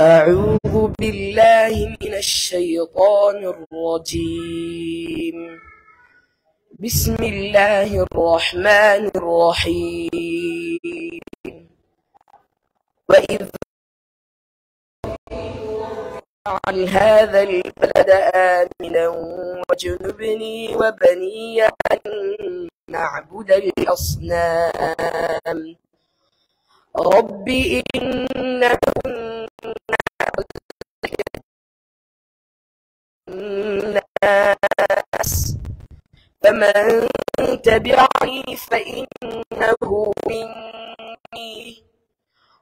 أعوذ بالله من الشيطان الرجيم بسم الله الرحمن الرحيم وإذ عن هذا البلد آمنا واجنبني وبني أن نعبد الأصنام رب إنكم الناس فمن تبعني فإنه مني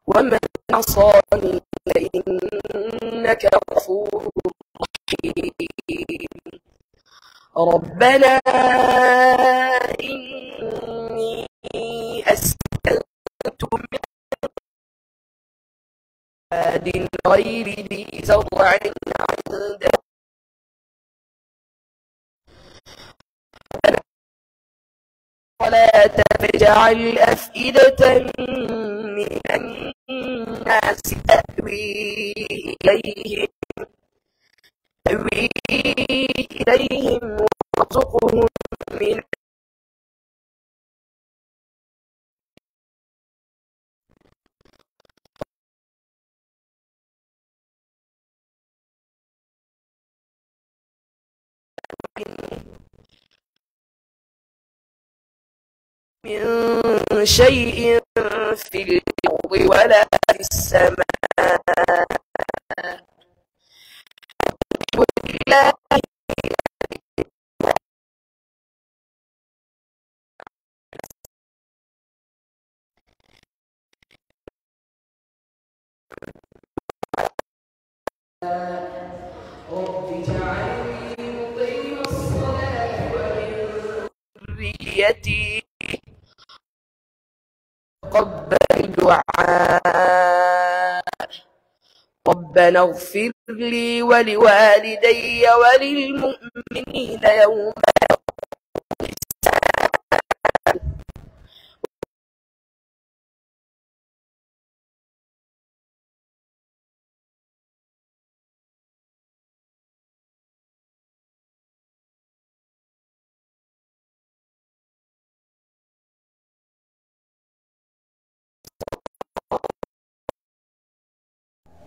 ومن عصاني فإنك غفور رحيم ربنا إني أسألت من عباد غير ذي زرع عند ولا تجعل أفئدة من الناس تأوي إليهم تأوي إليهم وارزقهم من من شيء في الأرض ولا في السماء تقبل دعاء ربنا اغفر لي ولوالدي وللمؤمنين يوم يوم الساعه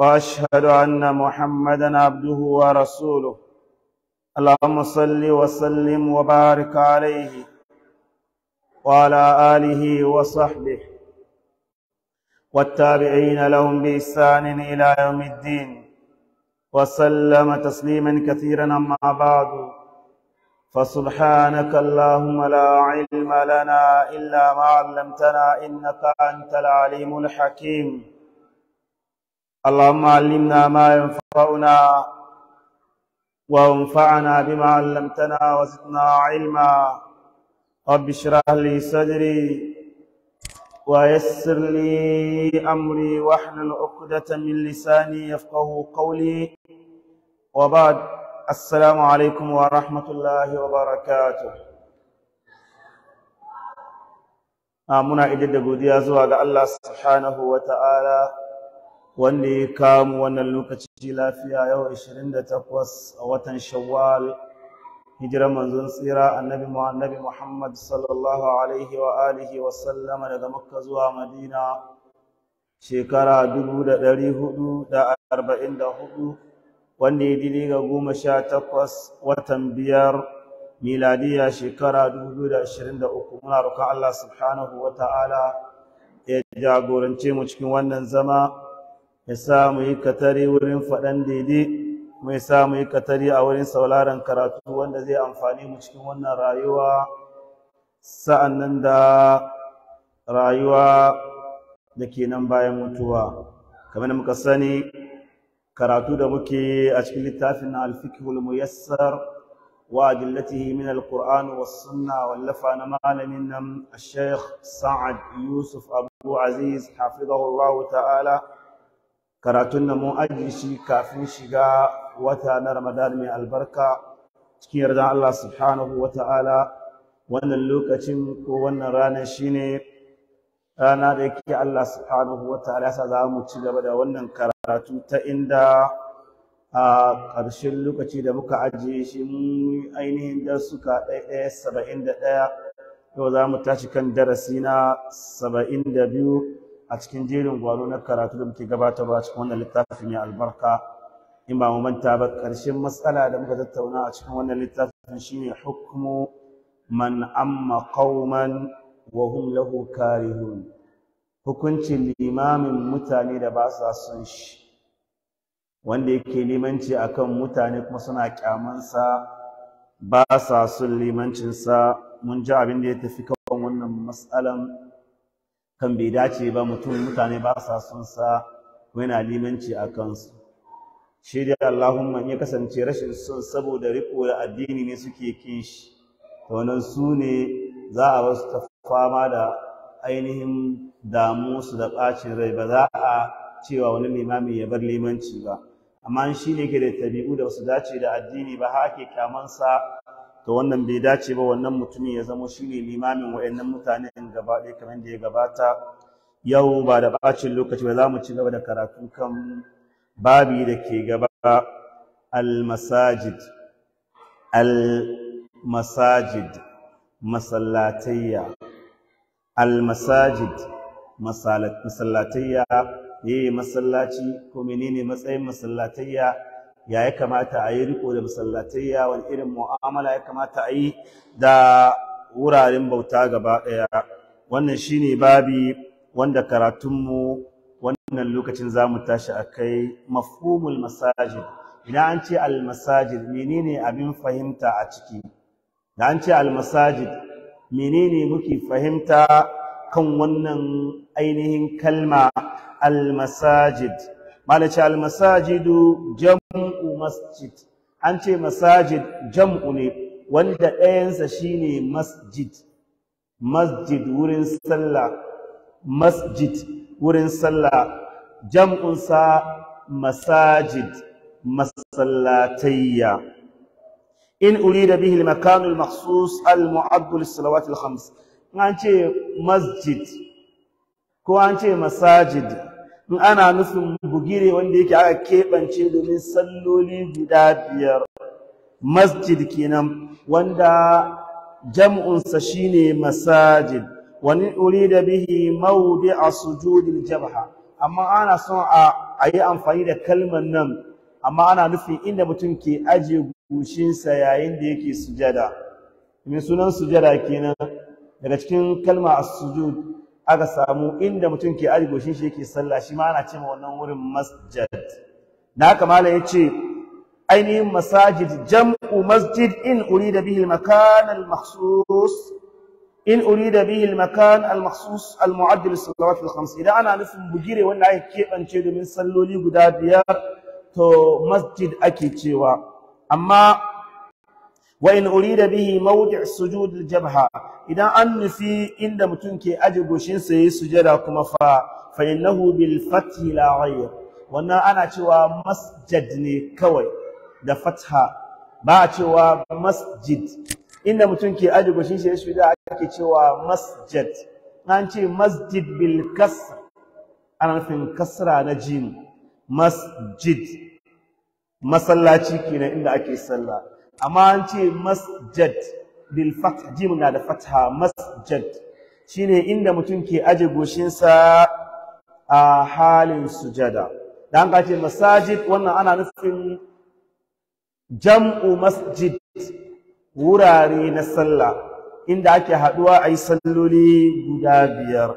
واشهد ان محمدا عبده ورسوله اللهم صل وسلم وبارك عليه وعلى اله وصحبه والتابعين لهم باحسان الى يوم الدين وسلم تسليما كثيرا اما بعد فسبحانك اللهم لا علم لنا الا ما علمتنا انك انت العليم الحكيم اللهم علمنا ما ينفعنا وانفعنا بما علمتنا وزدنا علما رب اشرح لي صدري ويسر لي امري واحلل عقدة من لساني يفقه قولي وبعد السلام عليكم ورحمة الله وبركاته أمنا idar da godiya الله سبحانه وتعالى wanda ya kamu wannan lokaci lafiya yau 28 a watan shawwal hijirar manzon tsira annabi annabi muhammad sallallahu alaihi wa alihi wa sallama daga makka zuwa madina shekara 444 wanda ya dide ga 18 watan biyar miladiya shekara 2023 muna roƙon Allah subhanahu wa ta'ala ya jagorance mu cikin wannan zama Mai sa yi katari wurin faɗan daidai mai sa yi katari a wurin sauraron karatu wanda zai amfani mu cikin wannan rayuwa sa'an nan da rayuwa da ke nan bayan mutuwa kamar muka sani karatu da muke a cikin littafin alfikihul muyassar وأدلته من wa والسنة wallafa na malamin nan سعد sa'ad yusuf عزيز حفظه الله ta'ala. karatun da mun aji shi kafin shiga wata na Ramadan mai albarka cikin yardan Allah subhanahu wa ta'ala wannan lokacin ko wannan ranar shi ne rana da yake Allah subhanahu wa ta'ala ya sa za mu ci gaba da wannan karatu ta inda a ƙarshen lokaci da muka ajiye shi mun ainihin darsuka ɗaya saba'in da ɗaya yau za mu tashi kan darasi na saba'in da biyu a cikin jerin gwano na karatu da muke gabata a cikin wannan littafin ya albarka in ba mu manta ba ƙarshen matsala da muka tattauna a cikin wannan littafin shine hukmu man amma qauman wa hum lahu karihun hukuncin limamin mutane da ba sa son shi wanda yake limanci akan mutane kuma suna kyamansa ba sa son limancinsa mun ji abin da ya tafi kan wannan matsalan kan bai dace ba mutum mutane ba sa son sa ko yana limanci a kansu shi dai Allahumma in ya kasance rashin son saboda riko da addini ne suke kin shi to wannan su ne za a wasu ta fama da ainihin damu su da ɓacin rai ba za a cewa wani limami ya bar limanci ba amma shi ne ke da tabi'u da wasu dace da addini ba kyaman kyamansa to wannan bai dace ba wannan mutumin ya zamo shine limamin wayannan mutanen gaba ɗaya kamar da ya gabata yau ba da bacin lokaci ba za mu ci gaba da karatu kan babi da ke gaba Almasajid masajid masallatayya al masallatayya masallaci ko menene matsayin masallatayya ya ya kamata a yi riko da masallatayya wani irin mu'amala ya kamata a yi da wuraren bauta gaba ɗaya wannan shine babi wanda karatunmu wannan lokacin za mu tashi a kai mafhumul masajid idan an ce almasajid menene abin fahimta a ciki da an ce almasajid menene muke fahimta kan wannan ainihin kalma almasajid malaci almasajidu jam masjid an ce masajid jam'u ne wanda ɗayansa shine masjid masjid wurin sallah masjid wurin sallah jam'unsa masajid masallatayya in urida bihi al-makan al-makhsus al-mu'addu lis-salawat al-khams an ce masjid ko an ce masajid in ana nufin bugire wanda yake aka keɓance domin salloli guda biyar masjid kenan wanda jam'unsa shine masajid wani urida bihi maudi a sujudin jabha amma ana son a yi amfani da kalmar nan amma ana nufin inda mutum ke ajiye gushinsa yayin da yake sujada mai sunan sujada kenan daga cikin kalma a sujud aka samu inda mutum ke aji goshin shi yake sallah shi ma ana cewa wannan wurin masjid da haka yace ainihin masajid jam'u masjid in urida bihi al-makan al-makhsus in urida bihi al-makan al-makhsus al-mu'add salawat al-khams idan ana nufin bugire wanda ake kebance domin salloli guda biyar to masjid ake cewa amma wa uri urida bihi mawdi' sujud al-jabha idan an nufi inda mutum ke aje goshin sa yayi sujada kuma fa fa innahu bil fathi wannan ana cewa masjid ne kawai da fatha ba'a a cewa masjid inda mutum ke aje goshin sa yayi sujada ake cewa masjid an ce masjid bil kasr ana nufin kasra na jim masjid masallaci kenan inda ake sallah amma an ce masjad bil fath jim na da fatha masjad shine inda mutum ke aje goshinsa a halin sujada dan ka ce masajid wannan ana nufin jam'u masjid wurare na sallah inda ake haduwa ayi salloli guda biyar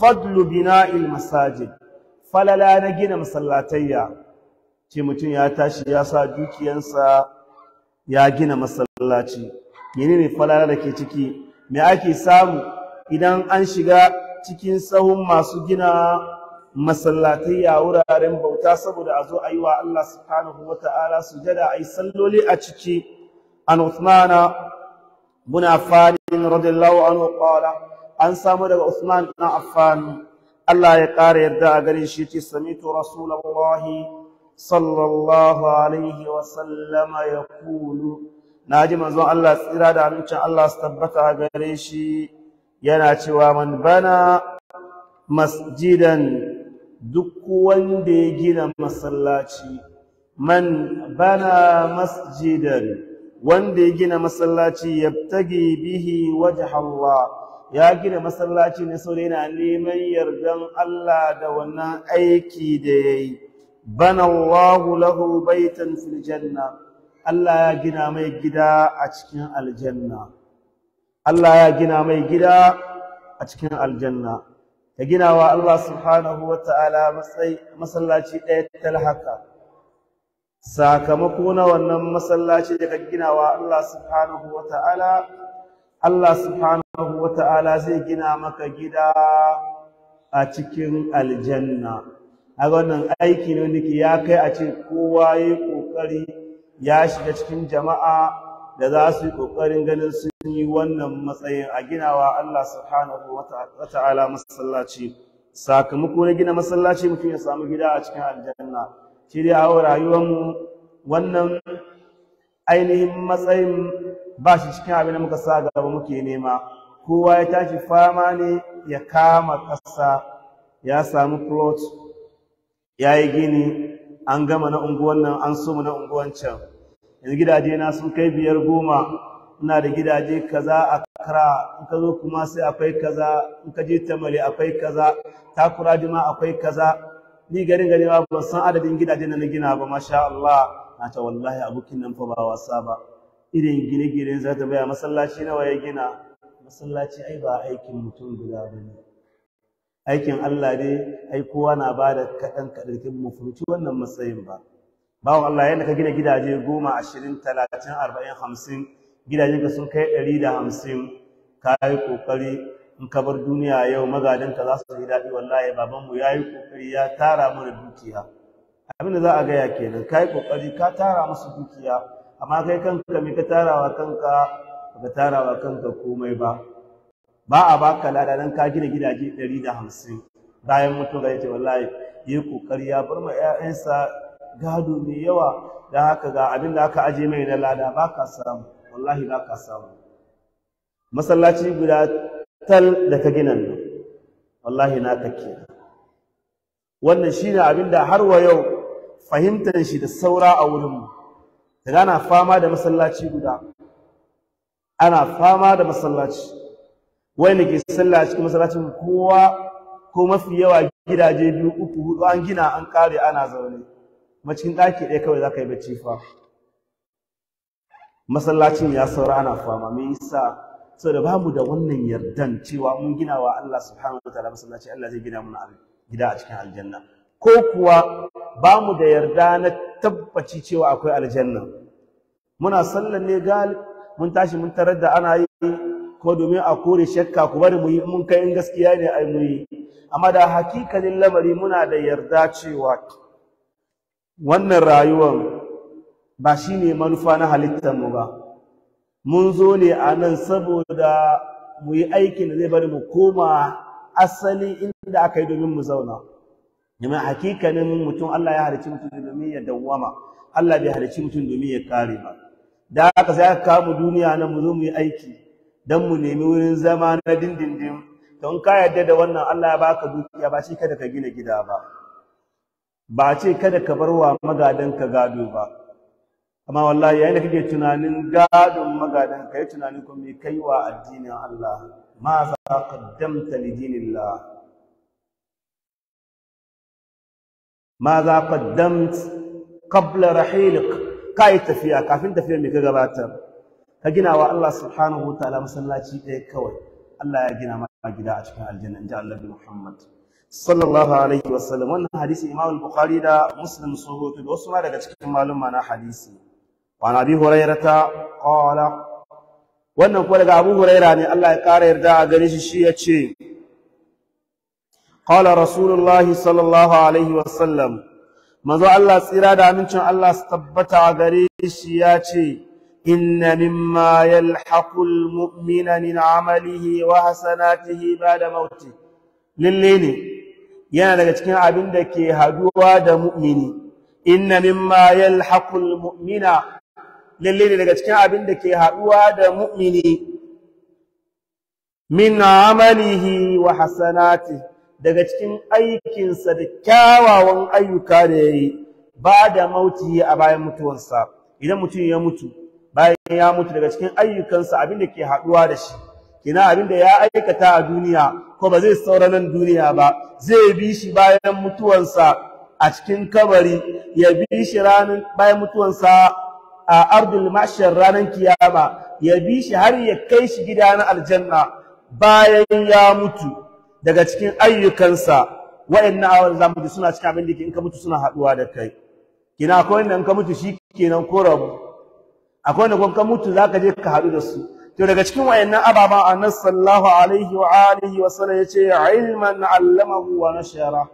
fadlu bina'il masajid falala na gina masallatayya ce mutum ya tashi ya sa dukiyansa ya gina masallaci menene falala da ke ciki me ake samu idan an shiga cikin sahun masu gina masallatai a wuraren bauta saboda a zo a yi wa Allah subhanahu wa ta'ala sujada a yi salloli a ciki an Uthmana bin Affan radiyallahu anhu qala an samu daga Uthman bin Affan Allah ya ƙara yarda a gare shi ce samitu rasulullahi صلى الله عليه وسلم يقول ناجي منزون الله tsira da amincin Allah su tabbata gare shi yana cewa man bana masjidan duk wanda ya gina masallaci man bana masjidan wanda ya gina masallaci yabtagi bihi wajh Allah ya gina masallaci ne saboda yana neman yardan Allah da wannan aiki da yayi bana Allahu lahu baitan fil janna Allah ya gina mai gida a cikin aljanna Allah ya gina mai gida a cikin aljanna ka gina wa Allah subhanahu wa ta'ala masallaci ɗaya talhaka sakamako na wannan masallaci da ka gina wa Allah subhanahu wa ta'ala Allah subhanahu wa ta'ala zai gina maka gida a cikin aljanna a wannan aiki ne wanda ya kai a ce kowa ya yi ƙoƙari ya shiga cikin jama'a da za su yi ƙoƙarin ganin sun yi wannan matsayin a ginawa Allah subhanahu wa ta'ala masallaci sakamako na gina masallaci mutum ya samu gida a cikin aljanna shi dai a rayuwar mu wannan ainihin matsayin ba shi cikin abin da muka sa gaba muke nema kowa ya tashi fama ne ya kama ƙasa ya samu plot ya yi gini an gama na unguwan nan an mu na unguwan can yanzu gidaje na sun kai biyar goma ina da gidaje kaza a kara in ka zo kuma sai akwai kaza in ka je tamale akwai kaza takura jima akwai kaza ni garin gari ba ban san adadin gidaje na gina ba masha Allah na ta wallahi abokin nan fa ba wasa ba irin gine gine za ta baya masallaci nawa ya gina masallaci ai ba aikin mutum guda bane aikin Allah ne ai kowa na ba da kaɗan kaɗarkin mu furci wannan matsayin ba bawo Allah yadda ka gina gidaje goma ashirin talatin arba'in hamsin gidajenka sun kai ɗari da hamsin ka yi ƙoƙari in ka bar duniya yau magadanka za su yi daɗi wallahi babanmu ya yi ƙoƙari ya tara mana dukiya abin da za a gaya kenan ka yi ka tara musu dukiya amma kai kanka me ka tarawa kanka ba ka tarawa kanka komai ba ba a baka lada dan ka gina gidaje 150 bayan mutum ga yace wallahi yi kokari ya bar ma ƴaƴansa gado mai yawa dan haka ga abin da aka aje mai na lada baka samu wallahi baka samu masallaci guda tal da ka gina nan wallahi na kake wannan shine abin da har wa yau fahimtar shi da saura a wurin mu Da ana fama da masallaci guda ana fama da masallaci wani ke sallah cikin masallacin kowa ko mafi yawa gidaje biyu uku hudu an gina an kare ana zaune macin daki ɗaya kawai za ka yi bacci fa masallacin ya saura ana fama me yasa saboda ba mu da wannan yardan cewa mun gina wa Allah subhanahu wa masallaci Allah zai gina mana gida a cikin aljanna ko kuwa bamu da yarda na tabbaci cewa akwai aljanna muna sallan ne galib mun tashi mun tarar da ana yi kuma domin a kore shakka ku bari mu yi mun kai in gaskiya ne ai muyi amma da hakikalin lamari muna da yarda cewa wannan rayuwar ba shi ne manufa na halittar mu ba mun zo ne a nan saboda mu yi aikin da zai bari mu koma asali inda aka yi domin mu zauna domin hakikalin mutum Allah ya halicci mutum domin ya dawwama Allah bai halicci mutum domin ya kare ba da haka sai aka kawo duniya nan mu zo mu yi aiki dan mu nemi wurin zama na dindindin don ka yarda da wannan Allah ya baka dukiya ba shi kada ka gina gida ba ba ce kada ka bar wa magadan ka gado ba amma wallahi yayin da kake tunanin gadon magadan ka yi tunanin ko me kai wa addinin Allah ma za ka qaddamta li dinillah ma za ka qaddamta qabla rahilik kai tafiya kafin tafiya me ka gabatar ka gina wa Allah subhanahu wa ta'ala masallaci ɗaya kawai Allah ya gina maka gida a cikin aljanna inji annabi Muhammad sallallahu alaihi wa sallam. wannan hadisi Imam al-Bukhari da Muslim sun rawaito da wasu ma daga cikin maluma na hadisi wa Abi ta, qala wannan kuwa daga Abu Huraira ne Allah ya ƙara yarda a gare shi shi yace qala Rasulullah sallallahu alaihi wa sallam. manzo Allah tsira da amincin Allah su tabbata a gare shi ya ce إن مما يلحق المؤمن من عمله وحسناته بعد موته لليني yana daga cikin abin da ke haduwa da mu'mini inna mimma yalhaqul mu'mina lalle ne daga cikin abin da ke haduwa da mu'mini min amalihi wa hasanati daga cikin aikinsa da kyawawan ayyuka da yayi ba da mauti a bayan mutuwarsa idan mutum ya mutu bayan ya mutu daga cikin ayyukansa abinda ke haɗuwa da shi kina abinda ya aikata a duniya ko ba zai saura nan duniya ba zai bi shi bayan mutuwansa a cikin kabari ya bi shi ranan bayan mutuwansa a ardul mashar ranan kiyama ya bi shi har ya kai shi gida na aljanna bayan ya mutu daga cikin ayyukansa wa'annan awar zamu suna cikin abin da ke in ka mutu suna haduwa da kai kina ko in ka mutu shikenan ko rabu akwai wanda kun ka mutu zaka je ka haɗu da su to daga cikin wayannan ababa annabi sallallahu alaihi wa alihi wa sallam yace ilman allamahu wa nashara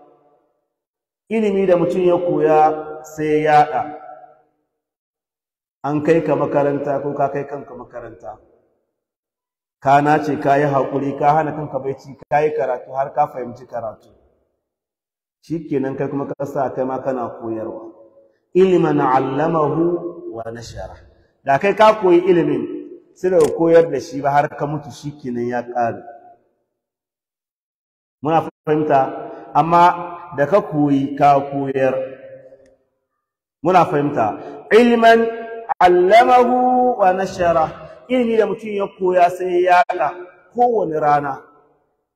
ilimi da mutum ya koya sai ya yaɗa an kai ka makaranta ko ka kai kanka makaranta ka nace ka yi haƙuri ka hana kanka baici ka yi karatu har ka fahimci karatu shikenan kai kuma ka sa kai ma kana koyarwa ilman allamahu wa nashara da kai ka koyi ilimin sai da koyar da shi ba har ka mutu shi kenan ya ƙare muna fahimta amma da ka koyi ka koyar muna fahimta ilman allamahu wa nashara ilimi da mutum ya koya sai ya yaɗa kowane rana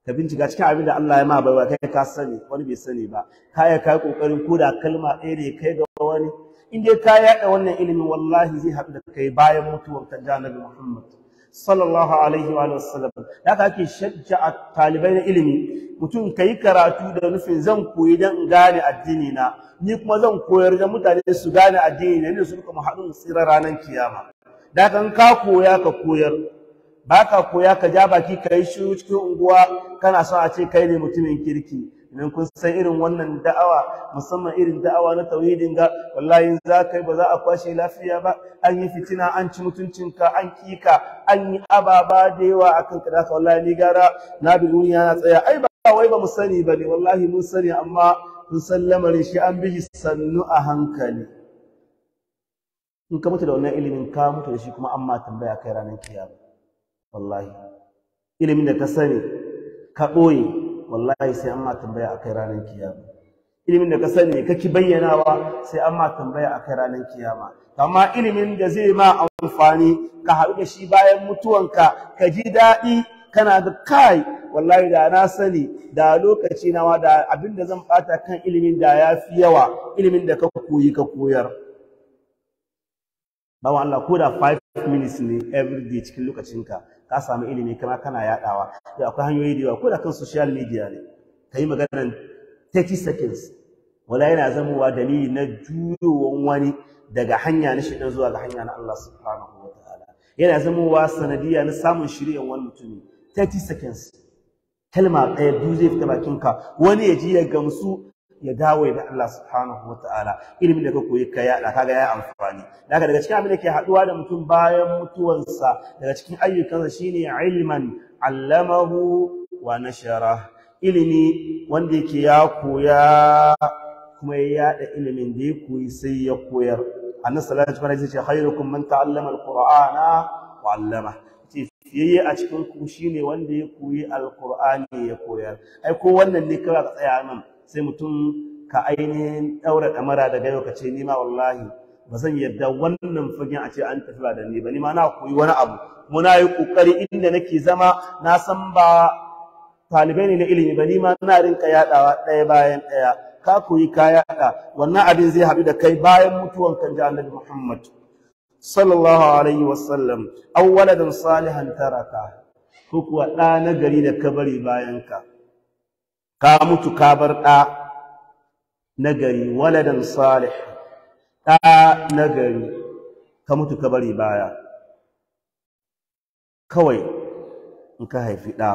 ka bincika cikin abin da Allah ya ma baiwa kai ka sani wani bai sani ba kai kai kokarin koda kalma ɗaya ne kai ga wani in dai ka yada wannan ilimin wallahi zai haɗu da kai bayan mutuwar ka janabi Muhammad sallallahu alaihi wa sallam haka ake a talibai na ilimi mutum ka yi karatu da nufin zan koyi don in gane addini na ni kuma zan koyar da mutane su gane addini na ne su kuma haɗu tsira ranar kiyama da kan ka koya ka koyar baka koya ka ja baki yi shiru cikin unguwa kana son a ce kai ne mutumin kirki idan kun san irin wannan da'awa musamman irin da'awa na tauhidin ga wallahi za ka yi ba za a kwashe lafiya ba an yi fitina an ci mutuncinka an kika an yi ababa da yawa akan ka da wallahi ni gara na bi duniya na tsaya ai ba wai ba mu sani ba ne wallahi mun sani amma mun san lamarin shi an bihi sannu a hankali in ka mutu da wannan ilimin ka mutu da shi kuma an tambaya kai ranar kiyama wallahi ilimin da ka sani ka ɓoye wallahi sai an ma tambaya akai ranar kiyama ilimin da ka sani kake bayyanawa sai an ma tambaya akai ranar kiyama amma ilimin da zai ma amfani ka haɗu da shi bayan mutuwanka ka ji daɗi kana da kai wallahi da na sani da lokaci nawa da abin da zan bata kan ilimin da ya fi yawa ilimin da ka koyi ka koyar bawa Allah ko da 5 minutes ne every day cikin lokacinka ka samu ilimi kama kana yadawa to akwai hanyoyi da yawa ko da kan social media ne kai maganan 30 seconds wala yana zamowa dalili na juyowan wani daga hanya na shaidan zuwa ga hanya na Allah subhanahu wataala yana zamowa sanadiya na samun shiriyan wani mutum 30 seconds kalma ɗaya biyu zai fita bakinka wani ya ji ya gamsu ya dawo da Allah subhanahu wa ta'ala ilimin da ka koyi ka yaɗa kaga ya amfani daga daga cikin abin da ke haɗuwa da mutum bayan mutuwansa daga cikin ayyukansa shine ilman allamahu wa nashara ilimi wanda yake ya koya kuma ya yaɗa ilimin da ya koyi sai ya koyar annabi sallallahu alaihi wasallam ya ce khairukum man ta'allama alqur'ana wa 'allama yayye a cikin ku shine wanda ya koyi alqur'ani ya koyar ai ko wannan ne kawai ka tsaya nan sai mutum ka ainihin ɗaura ɗamara da yau ka ce ni wallahi ba zan yarda wannan fagen a ce an tafi ba da ni ba ni na koyi wani abu kuma na yi ƙoƙari inda nake zama na san ba talibai ne na ilimi ba ni ma na rinka yaɗawa ɗaya bayan ɗaya ka koyi ka yaɗa wannan abin zai haɗu da kai bayan mutuwan kan ji annabi muhammad sallallahu alaihi wasallam aw salihan taraka ko kuwa ɗa na gari da kabari bayan ka ka mutu ka bar ɗa na gari waladan salih ɗa na ka mutu ka bari baya kawai in ka haifi ɗa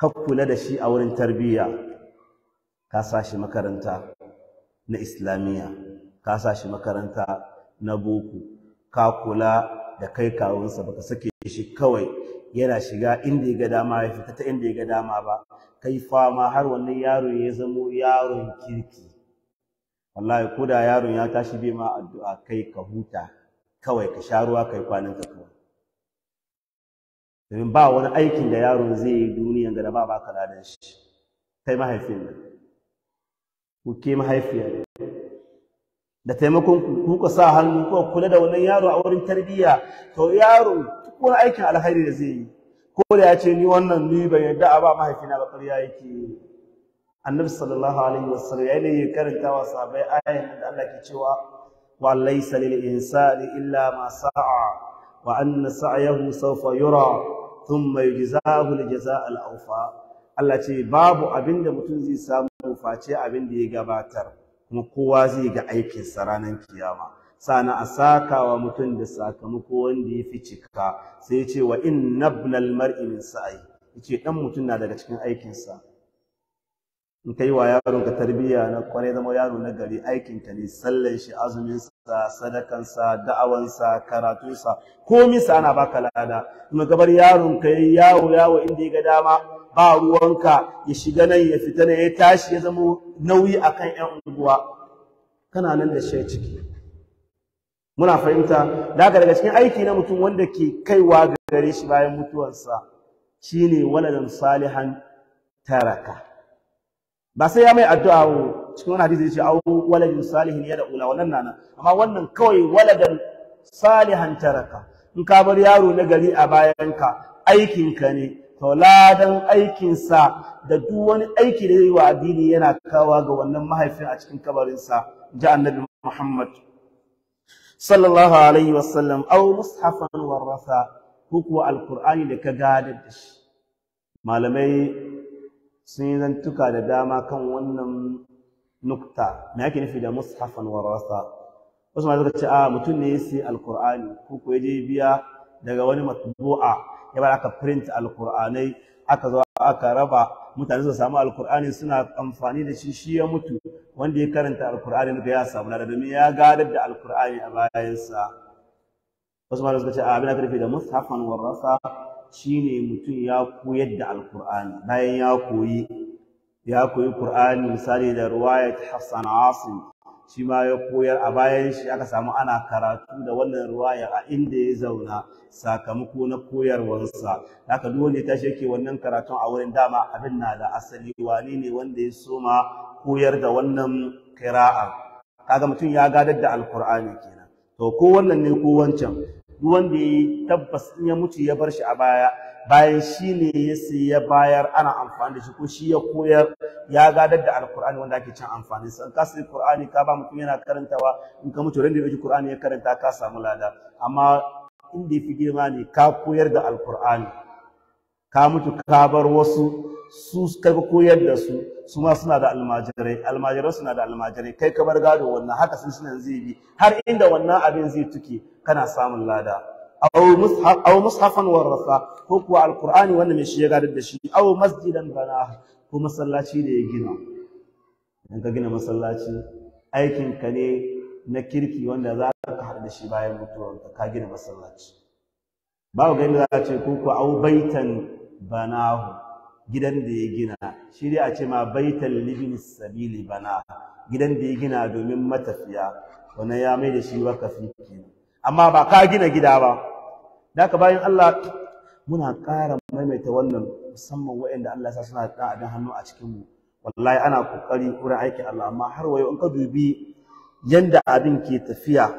ka kula da shi a wurin tarbiyya ka sa shi makaranta na islamiyya ka sa shi makaranta na boko ka kula da kai kawunsa baka sake shi kawai yana shiga inda ya ga dama ya fita ta inda ya ga dama ba kai fama har wannan yaro ya zamo yaron kirki wallahi ko da yaron ya tashi bai ma addu'a kai ka huta kawai ka sha ruwa kai kwanan ka kawai domin ba wani aikin da yaron zai yi duniyan ga da ba baka ladan shi kai mahaifin ku ke mahaifiyar da taimakon ku kuka sa hannu ko kula da wannan yaro a wurin tarbiyya to yaro duk wani aikin alkhairi da zai yi ko da ya ce ni wannan ni ban yarda a ba mahaifina ba ƙarya yake annabi sallallahu alaihi wasallam ya ne karanta wa sahabbai ayan da Allah ke cewa wa laysa lil insani illa ma sa'a wa anna sa'yahu sawfa yura thumma yujzahu al jazaa al awfa Allah ce babu abinda mutum zai samu face abinda ya gabatar kuma kowa zai ga aikinsa ranar kiyama sana a sakawa mutum da sakamako wanda ya fi cika sai ce wa in nabnal mar'i min sa'i yace dan mutum na daga cikin aikinsa in kai wa yaron ka tarbiyya na kwarai zama yaro na gari aikin ka ne sallan shi azumin sa sadakan sa da'awan sa karatun sa komai sa ana baka lada kuma gabar yaron ka yawo yawo inda ya ga dama ba ruwanka ya shiga nan ya fita nan ya tashi ya zama nauyi akan ƴan unguwa kana nan da shi ciki muna fahimta daga daga cikin aiki na mutum wanda ke kaiwa gare shi bayan mutuwarsa shine waladan salihan taraka ba sai ya mai addu'a cikin wani hadisi yace au waladin salihin ya da'ula wannan nana amma wannan kawai waladan salihan taraka in ka bar yaro na gari a bayanka aikinka ne tauladan aikinsa da duk wani aiki da zai wa addini yana kawa ga wannan mahaifin a cikin kabarinsa ji annabi Muhammad sallallahu alaihi wasallam aw mushafan warasa ko kuwa alqur'ani da ka gada da shi malamai sun yi zantuka da dama kan wannan nukta me yake nufi da mushafan warasa wasu ma suka ce a mutum ne ya sai alqur'ani ko ko ya je biya daga wani matbu'a ya bar aka print alqur'anai aka zo aka raba mutane su samu alqur'ani suna amfani da shi shi ya mutu wanda ya karanta alqur'ani ga ya samu da domin ya gadar da alqur'ani a bayansa wasu malamai suka ce a abin da karfi da mushafan warasa shine mutum ya koyar da alqur'ani bayan ya koyi ya koyi qur'ani misali da riwayat Hassan Asim shi ma ya koyar a bayan shi aka samu ana karatu da wannan ruwaya a inda ya zauna sakamako na koyarwarsa haka duk wanda ya tashi yake wannan karatun a wurin dama abin na da asali Wani ne wanda ya soma koyar da wannan kira'a kaga mutum ya gadar da alkur'ani kenan to ko wannan ne ko wancan duk wanda ya tabbas in ya mutu ya bar shi a baya bayan shi ne ya ya bayar ana amfani da shi ko shi ya koyar ya gadar da alkur'ani wanda ake cin amfani sa in ka sai qur'ani ka ba mutum yana karantawa in ka mutu randa yake qur'ani ya karanta ka samu lada amma inda yafi girma ne ka koyar da alkur'ani ka mutu ka bar wasu su ka koyar da su su ma suna da almajirai almajirai suna da almajirai kai ka bar gado wannan haka sun suna zai bi har inda wannan abin zai tuke kana samun lada aw mushaf aw mushafan warasa ko kuwa alqur'ani wanda mai shi ya gadar da shi aw masjidan bana ko masallaci da ya gina idan ka gina masallaci aikin ka ne na kirki wanda za ka haɗu shi bayan mutuwar ka gina masallaci babu ga da za a ce ko ku au baitan banahu gidan da ya gina shi dai a ce ma baitan libin sabili bana gidan da ya gina domin matafiya wannan ya mai da shi wakafi kenan amma ba ka gina gida ba da ka bayan Allah muna ƙara maimaita wannan musamman waɗanda Allah ya sa suna da abin hannu a cikin mu wallahi ana kokari wurin aikin Allah amma har wayo in ka dubi yanda abin ke tafiya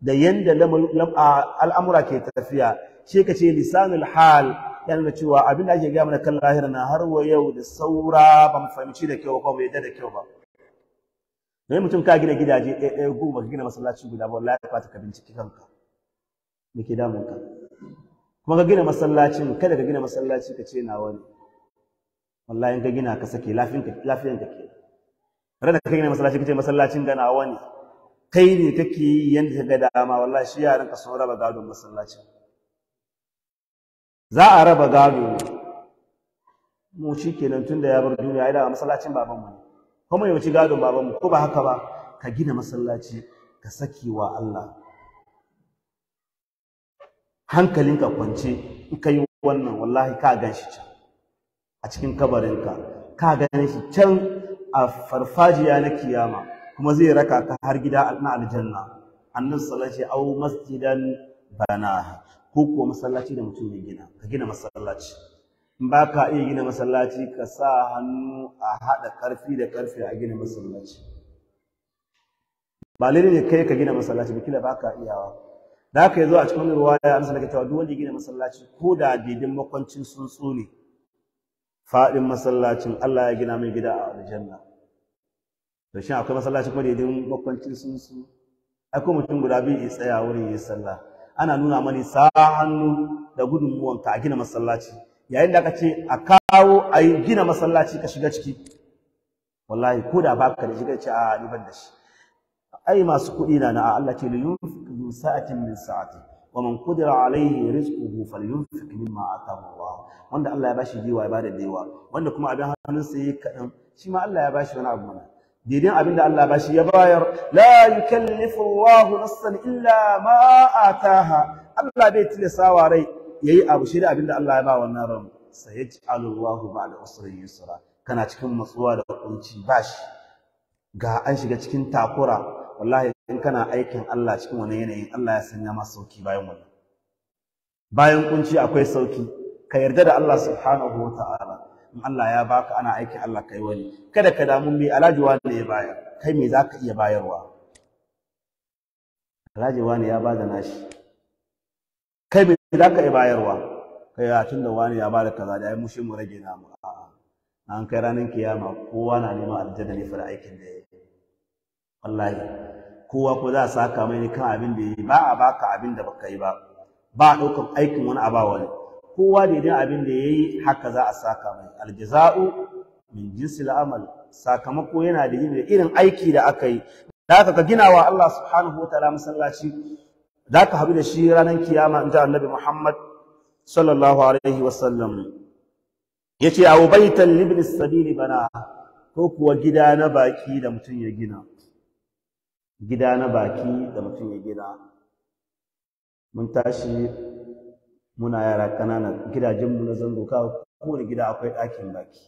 da yanda al'amura ke tafiya shi ka ce lisanul hal yana da cewa abin da ake gaya mana kan lahira na har wayo da saura ba fahimci da kyau ba bai da kyau ba ne mutum ka gina gidaje ɗaya ɗaya goma ka gina masallaci guda ba wallahi ka ta ka binciki kanka me ke damun ka kuma ka gina masallacin kada ka gina masallaci ka ce nawa ne wallahi in ka gina ka sake lafiyan ka ke rana ka gina masallaci ka ce masallacin ga nawa ne kai ne kake yi yadda ka ga dama wallahi shi yaran ka sun raba gadon masallacin za a raba gado mu shi kenan tun da ya bar duniya ya dawa masallacin mu ne kuma gado gadon babanmu ko ba haka ba ka gina masallaci ka saki wa Allah hankalinka kwance in ka yi wannan wallahi ka gan shi can a cikin kabarinka ka gan shi can a farfajiya na kiyama kuma zai raka ka har gida na aljanna annan salati au masjidan bana ko kuwa masallaci da mutum ya gina ka gina masallaci ba ka iya gina masallaci ka sa hannu a haɗa ƙarfi da ƙarfi a gina masallaci ba lalle ne kai ka gina masallaci ba kila ba ka iyawa da haka yazo a cikin ruwa ya amsa sanar cewa duk wanda ya gina masallaci ko da didin makwancin tsuntsu ne faɗin masallacin Allah ya gina mai gida a aljanna to shin akwai masallaci kuma didin makwancin tsuntsu akwai mutum guda biyu ya tsaya wurin ya sallah ana nuna mani sa hannu da gudunmuwanka a gina masallaci yayin da aka ce a kawo a gina masallaci ka shiga ciki wallahi ko da baka da shiga ci a ni da shi ai masu kuɗi na na Allah ce li yunfiqu sa'atin min sa'ati wa man qudira alayhi rizquhu falyunfiq mimma a Allah wanda Allah ya bashi jiwa ya bada daiwa wanda kuma abin hannunsa yayi kadan shi ma Allah ya bashi wani abu mana daidai abin da Allah bashi ya bayar la yukallifu Allahu nafsan illa ma ataha Allah bai tilasawa rai yayi abu shi da abinda Allah ya ba wannan ran sayaj'alullahu ba'da usrin yusra kana cikin matsuwa da kunci bashi ga an shiga cikin takura wallahi in kana aikin Allah cikin wani yanayin Allah ya sanya masa sauki bayan wannan bayan kunci akwai sauki ka yarda da Allah subhanahu wata'ala ta'ala in Allah ya baka ana aikin Allah kai wani kada ka damu mai alhaji wani ya bayar kai me zaka iya bayarwa alhaji wani ya bada nashi za ka yi bayarwa kai a ah, tun da wani ya ba da kaza da ya mushe mu rage namu a'a an kai ranar kiyama kowa na neman aljanna ne fara aikin da ya yi wallahi kowa ko za a saka mai ne kan abin da ya yi ba a baka abin da baka yi ba ba a ɗaukar aikin wani a ba kowa da idan abin da ya yi haka za a saka mai aljaza'u min la'amal sakamako yana da irin aiki da aka yi da aka ka gina wa Allah subhanahu wa ta'ala masallaci za ka haɗu da shi ranar kiyama in ji annabi muhammad sallallahu alaihi wasallam ya ce abu baitan libni sabili bana ko kuwa gida na baki da mutum ya gina gida na baki da mutum ya gina mun tashi muna yara ƙanana gidajenmu na zango kawo kowane gida akwai ɗakin baki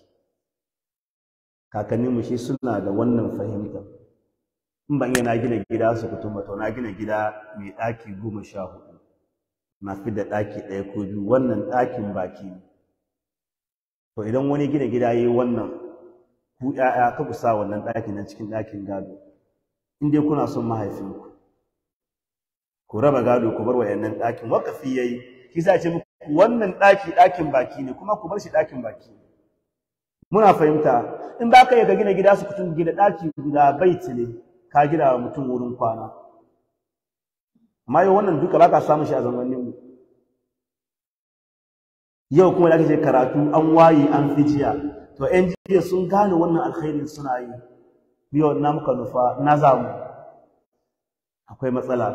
kakanninmu shi suna da wannan fahimtar in ban yi na gina gida su kutum ba to na gina gida mai ɗaki goma sha hudu na fi da ɗaki ɗaya ko biyu wannan ɗakin baki to idan wani gina gida ya yi wannan ku ƴaƴa ka ku sa wannan ɗakin nan cikin ɗakin gado in dai kuna son mahaifinku ku raba gado ku bar wayannan ɗakin wakafi yayi Ki sa ce muku wannan ɗaki ɗakin baki ne kuma ku bar shi ɗakin baki muna fahimta in ba ka yi ka gina gida su kutum gida ɗaki guda baiti ne ka gina wa mutum wurin kwana amma yau wannan duka ba ka samun shi a zamanin mu yau kuma da aka karatu an waye an fijiya to yan jiya sun gane wannan alkhairin suna yi yau na muka nufa na zamu akwai matsala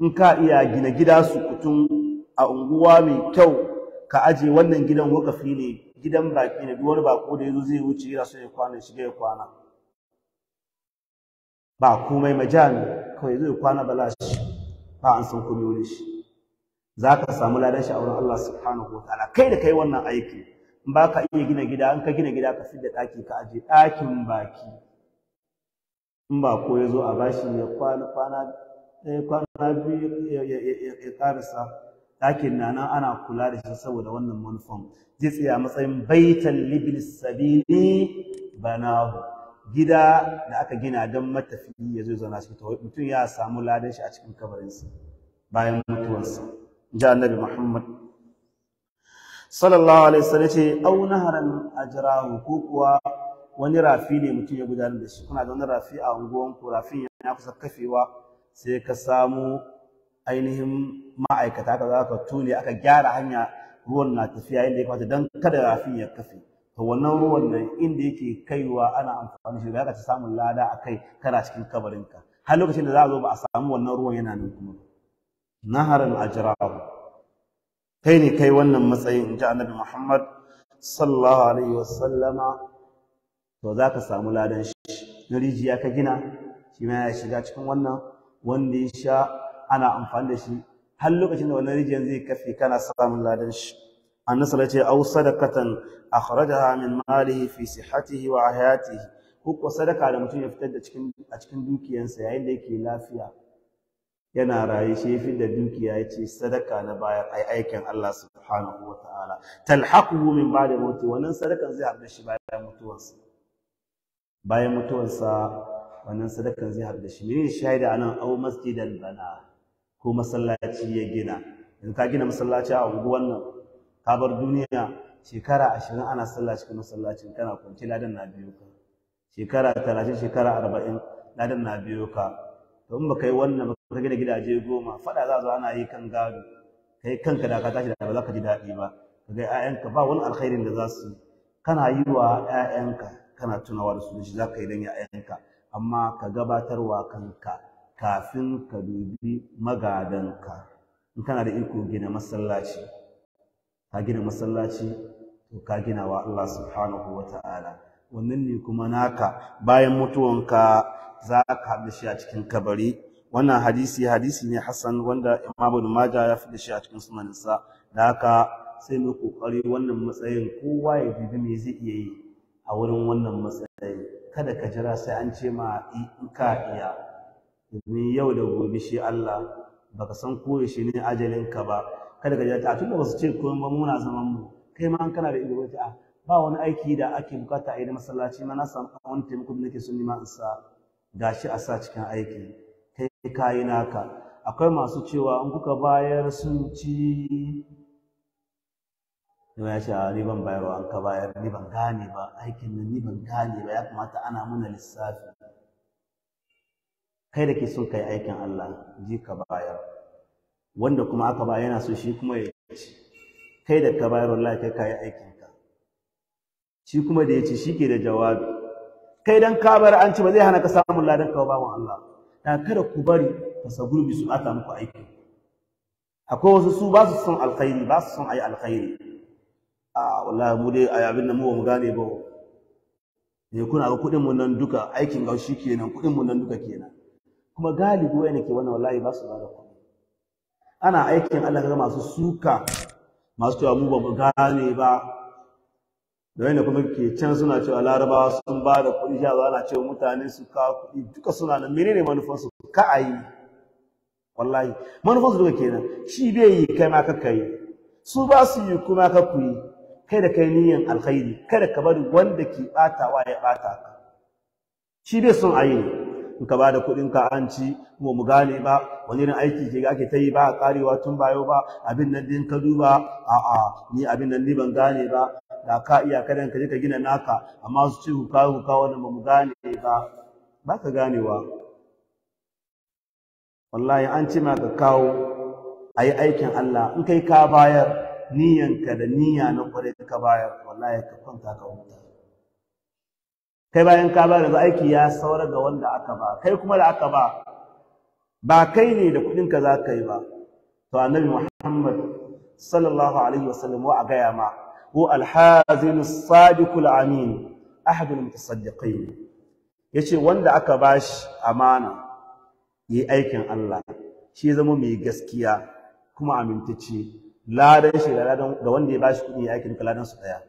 in ka iya gina gida su kutun a unguwa mai kyau ka aje wannan gidan wakafi ne gidan baki ne duk wani bako da yazo zai wuce yana so ya kwana shiga ya kwana ba komai majami kawai zai kwana bala shi ba an san komai wani shi za ka samu ladan shi a wurin Allah subhanahu wa ta'ala kai da kai wannan aiki in ba ka iya gina gida in ka gina gida ka fidda ɗaki ka aje ɗakin baki in ba ko ya zo a bashi ya kwana kwana ɗaya eh, kwana biyu ya ƙarasa ɗakin na nan ana kula da shi saboda wannan manufan zai tsaya matsayin baitan libin sabili banahu gida da aka gina don matafi ya zo zauna su ta mutum ya samu ladan shi a cikin kabarinsa bayan mutuwarsa ji annabi muhammad sallallahu alaihi wasallam ce au naharan ajrahu ko kuwa wani rafi ne mutum ya gudanar da su, kuna da wani rafi a ku rafin ya kusa kafewa sai ka samu ainihin ma'aikata aka za ka aka gyara hanya ruwan na tafiya yadda ya kwata don kada rafin ya kafe to wannan ruwan nan inda yake kaiwa ana amfani shi za ka ci samun lada a kai kana cikin kabarinka har lokacin da za a zo ba a samu wannan ruwan yana nan kuma naharan ajrahu kai ne kai wannan matsayin inji annabi Muhammad sallallahu alaihi wasallama to za ka samu ladan shi na rijiya ka gina shi ma ya shiga cikin wannan wanda ya sha ana amfani da shi har lokacin da wannan rijiyar zai kafe kana samun ladan shi annasala ce au sadakatan akhrajaha min malihi fi sihhatihi wa hayatihi ko sadaka da mutum ya fitar da cikin a cikin dukiyarsa yayin da yake lafiya yana raye shi fi da dukiya ya ce sadaka na bayar ai aikin Allah subhanahu wa ta'ala talhaquhu min ba'di mauti wannan sadakan zai haɗa shi bayan mutuwarsa bayan mutuwarsa wannan sadakan zai haɗa shi menene shaida anan au masjidan bana ko masallaci ya gina in ka gina masallaci a unguwan nan ka bar duniya shekara ashirin ana sallah cikin masallacin kana kwanci ladan na biyo ka shekara talatin shekara arba'in ladan na biyo ka to in baka yi wannan ba ka gina gidaje goma faɗa za zo ana yi kan gado kai kanka da ka tashi da ba za ka ji daɗi ba ka ga 'ya'yanka ba wani alkhairin da za su kana yi wa 'ya'yanka kana tunawa da su shi za ka yi don 'ya'yanka amma ka gabatarwa kanka kafin ka dubi magadanka in kana da iko gina masallaci ka gina masallaci to ka gina wa Allah subhanahu wa ta'ala wannan ne kuma naka bayan mutuwanka za ka haɗu shi a cikin kabari wannan hadisi hadisi ne Hassan wanda Imam Ibn ya ya da shi a cikin sunaninsa da haka sai mu kokari wannan matsayin kowa ya jibi me zai iya yi a wurin wannan matsayin kada ka jira sai an ce ma in ka iya domin yau da gobe shi Allah baka san koyaushe ne ajalinka ba kada ka jata tunda ba su ce ko ba muna zaman mu kai ma an kana da ido wata ah, ba wani aiki da ake bukata a yi da masallaci ma na samu wani taimako da nake son nima in sa gashi a sa cikin aiki kai kayi naka akwai masu cewa in kuka bayar sun ci ya ce a ah, ban bayar an ka bayar ni ban gane ba aikin ni ban gane ba ya kamata ana muna lissafi kai da ke son kai aikin Allah ji ka bayar wanda kuma aka ba yana so shi kuma ya ci kai da ka bayar wallahi kai ka yi aikinka shi kuma da ya ci shi ke da jawabi kai dan ka bayar an ci ba zai hana ka samun ladan ka ba Allah dan kada ku bari ka bi su aka muku aiki akwai wasu su ba su son alkhairi ba su son ayi alkhairi a wallahi mu dai ayi abin da mu ba mu gane ba ne kuna ga kudin mu nan duka aikin gaushi kenan kudin mu nan duka kenan kuma galibi ne ke wannan wallahi ba su ba da kuɗi ana aikin Allah ga masu suka masu cewa mu ba mu gane ba da wani kuma ke can suna cewa larabawa sun ba da kuɗi sha zuwa ana cewa mutane su ka kuɗi duka suna nan menene manufansu ka a yi wallahi manufansu duka kenan shi bai yi kai ma ka kai su ba su yi kuma ka kuyi kai da kai niyan alkhairi kada ka bari wanda ke ɓatawa ya bata ka shi bai son a yi in ka bada kuɗin ka an ci kuma mu gane ba wani irin aiki ke ake ta yi ba karewa tun bayo ba abin nan din ka duba a'a ni abin nan ni ban gane ba da ka iya kadan ka je ka gina naka amma su ce ku kawo ku wannan ba mu gane ba ba ka ganewa wallahi an ce ma ka kawo ayi aikin Allah in kai ka bayar niyyanka da niyya na kwarai ka bayar wallahi ka kwanta ka kai bayan ka ba yanzu aiki ya saura ga wanda aka ba kai kuma da aka ba ba kai ne da kuɗin ka za ka yi ba to annabi muhammad sallallahu alaihi wasallam wa a gaya ma ko alhazinu sadiqul amin ahadul mutasaddiqin yace wanda aka bashi amana yi aikin Allah shi zama mai gaskiya kuma amintacce ladan shi ladan da wanda ya bashi kuɗi aikin ka ladan su daya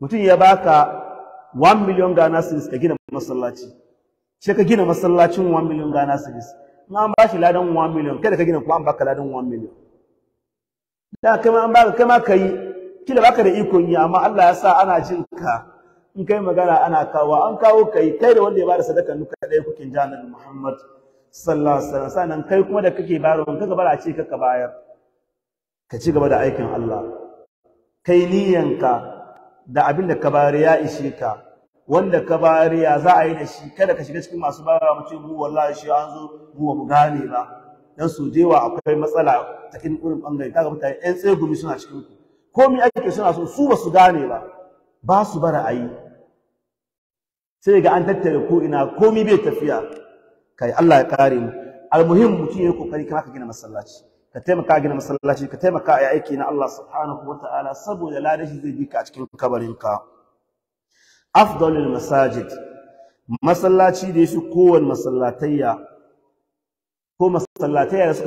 mutum ya baka 1 million Ghana cedis ka gina masallaci sai ka gina masallacin 1 million Ghana cedis na an ba shi ladan 1 million kada ka gina ko an baka ladan 1 million da kai ma an baka kai ma kai kila baka da iko yi amma Allah ya sa ana jin ka in kai magana ana kawo an kawo kai kai da wanda ya bada sadaka nuka dai kuke janan Muhammad sallallahu alaihi wasallam sanan kai kuma da kake bayar bayarwa kaga bara a ce kaka bayar ka ci gaba da aikin Allah kai niyyanka da abin da ka bayar ya ishe ka wanda ka bariya za a yi da shi kada ka shiga cikin masu bayarwa mutum mu wallahi shi an zo mu mu gane ba dan su jewa akwai matsala ta in irin bangare kaga mutane ɗan tsegumi suna cikin ku mi ake suna so su ba su gane ba ba su bara ayi sai ga an tattare ko ina komi bai tafiya kai Allah ya kare mu almuhim mutum yayi kokari kana ka gina masallaci ka taimaka gina masallaci ka taimaka a aiki na Allah subhanahu wataala saboda ladashi zai bi ka a cikin kabarinka afdalul masajid masallaci da yafi suka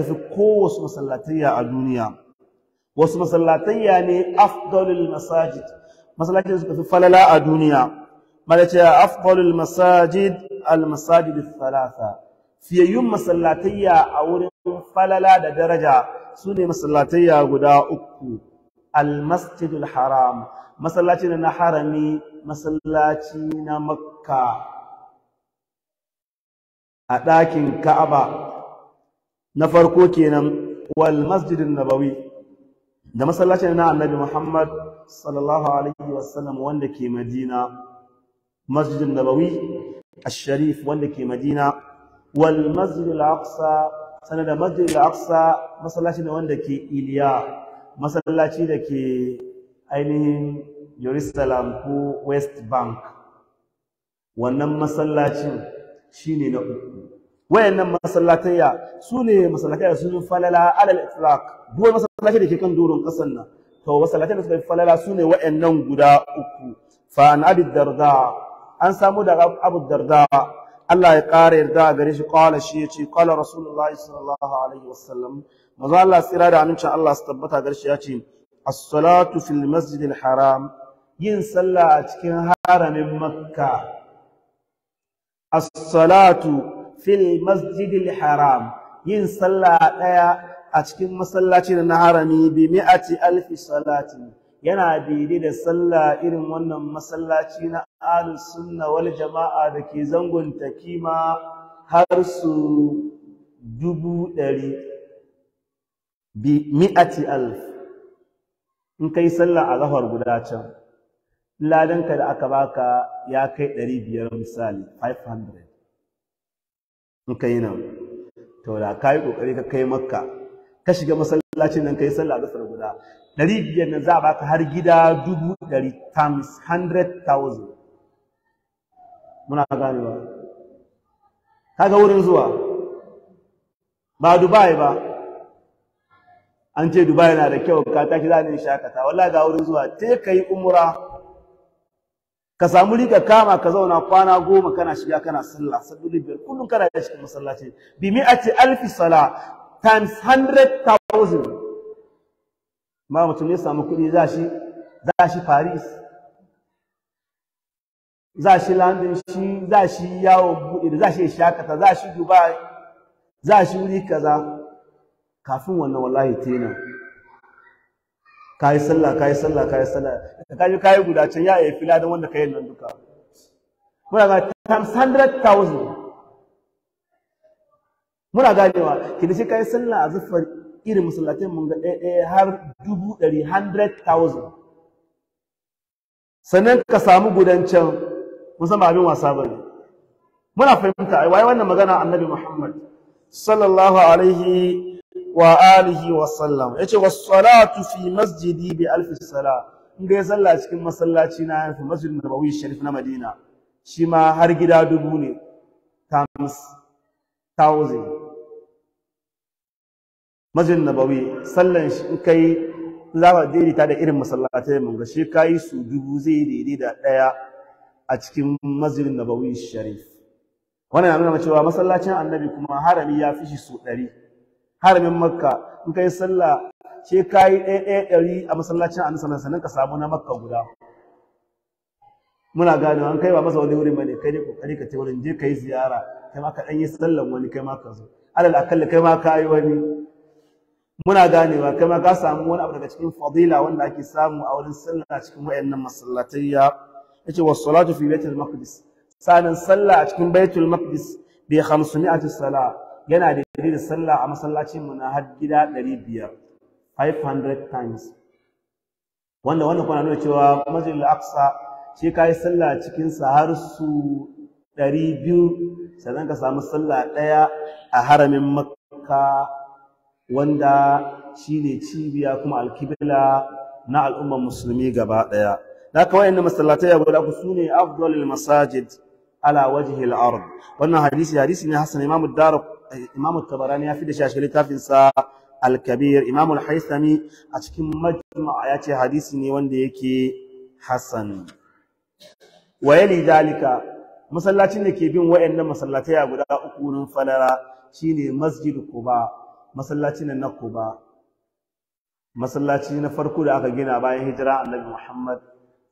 fi kowace masallatayya a duniya wasu masallatayya ne afdalul masajid masallaci da suka fi falala a duniya malace afdalul masajid al masajid thalatha fiyayyun masallatayya a wurin falala da daraja sune masallatayya guda uku al haram masallaci na harami masallaci na makka a ɗakin ka'aba na farko kenan wal masjidin nabawi da masallaci na annabi muhammad sallallahu alaihi wasallam wanda ke madina masjidin nabawi الشريف وندك مدينة والمسجد الأقصى سنة المسجد الأقصى ke Iliya إليا da ke. ainihin Jerusalem ko West Bank wannan masallacin shi ne na uku wayannan masallatayya su ne masallatayya sun falala alal itlaq duwar masallatai da ke kan doron kasan nan to masallatai da suka yi falala su ne wayannan guda uku Fa'an abin darda an samu daga abu darda Allah ya ƙara yarda a gare shi ƙwala shi ce, qala rasulullahi sallallahu alaihi wasallam Maza Allah tsira da amincin Allah su tabbata gare shi ce. as-salatu fil masjidil haram yin sallah a cikin haramin makka as-salatu fil haram yin sallah daya a cikin masallaci na harami bi mi'ati alfi salati yana daidai da sallah irin wannan masallaci na ahlus sunna wal jama'a da ke zangon takima har su dubu ɗari bi mi'ati alf in kai sallah azhar guda can ladanka da aka baka ya kai 500 misali 500 in kai nan to da yi kokari ka kai makka ka shiga masallacin nan kai sallah azhar guda 500 nan za a baka har gida ɗari, times 100000 muna ganewa kaga wurin zuwa ba Dubai ba an ce dubai na da kyau ka tashi za ne shakata wallahi ga wurin zuwa te ka yi umra ka samu rika kama ka zauna kwana goma kana shiga kana sallah sabbin biyar kullum kana da cikin masallaci bi mi'ati alfi sala times 100,000 ma mutum ya samu kuɗi za shi za shi Paris za shi London shi za shi yawon buɗe za shi shakata za shi Dubai za shi wuri kaza kafin wannan wallahi tena kayi sallah kayi sallah yi sallah ka kaji kayi guda can ya yi fila don wanda ka yi nan duka muna ga times 100,000 muna ganewa ki da shi kayi sallah a zuffar irin masallatai mun ga ɗaya har dubu ɗari 100,000 sannan ka samu gudancan, musamman abin wasa ba ne muna fahimta ai wai wannan magana annabi muhammad sallallahu alaihi wa alihi wa sallam yace was-salatu fi masjidi bi alf salat in ya salla cikin masallaci na yafi masjidin Nabawi Sharif na Madina shi ma har gida dubu ne times thousand. masjidin Nabawi sallan shi in kai za ka daidaita da irin masallatai mun ga shi kai su dubu zai daidai da daya a cikin masjidin Nabawi Sharif wannan yana nuna cewa masallacin Annabi kuma harami ya fi shi su 100 haramin makka in kai sallah ce ka yi ɗaya ɗaya ɗari a masallacin annabi sallallahu sannan ka samu na makka guda muna gano an kai ba masa wani wurin bane kai ne kokari ka ce wurin je kai ziyara kai ma ka dan yi sallan wani kai ma ka zo alal akalla kai ma ka yi wani muna ganewa kai ma ka samu wani abu daga cikin fadila wanda ake samu a wurin sallah cikin wayannan masallatai ya yace was salatu fi baitul maqdis sanan sallah a cikin baitul maqdis bi 500 salat yana da da sallah a masallacin mu na har gida 500 times wanda wannan kuna nuna cewa masjidil aqsa shi kai sallah cikin sa har su 200 sannan ka samu sallah ɗaya a haramin makka wanda shine cibiya kuma alkibila na al'ummar musulmi gaba ɗaya. Na kawai wayannan masallatai abu da ku sune afdalul masajid ala wajhi al-ard wannan hadisi hadisi ne hasan imamu ad imam tabarani ya fi da shashi sa al-kabir imam al-haythami a cikin majma ya ce hadisi ne wanda yake hasan wa yali dalika masallacin da ke bin wayannan masallatai a guda uku wurin falara shine masjid kuba masallacin na kuba masallaci na farko da aka gina bayan hijira annabi muhammad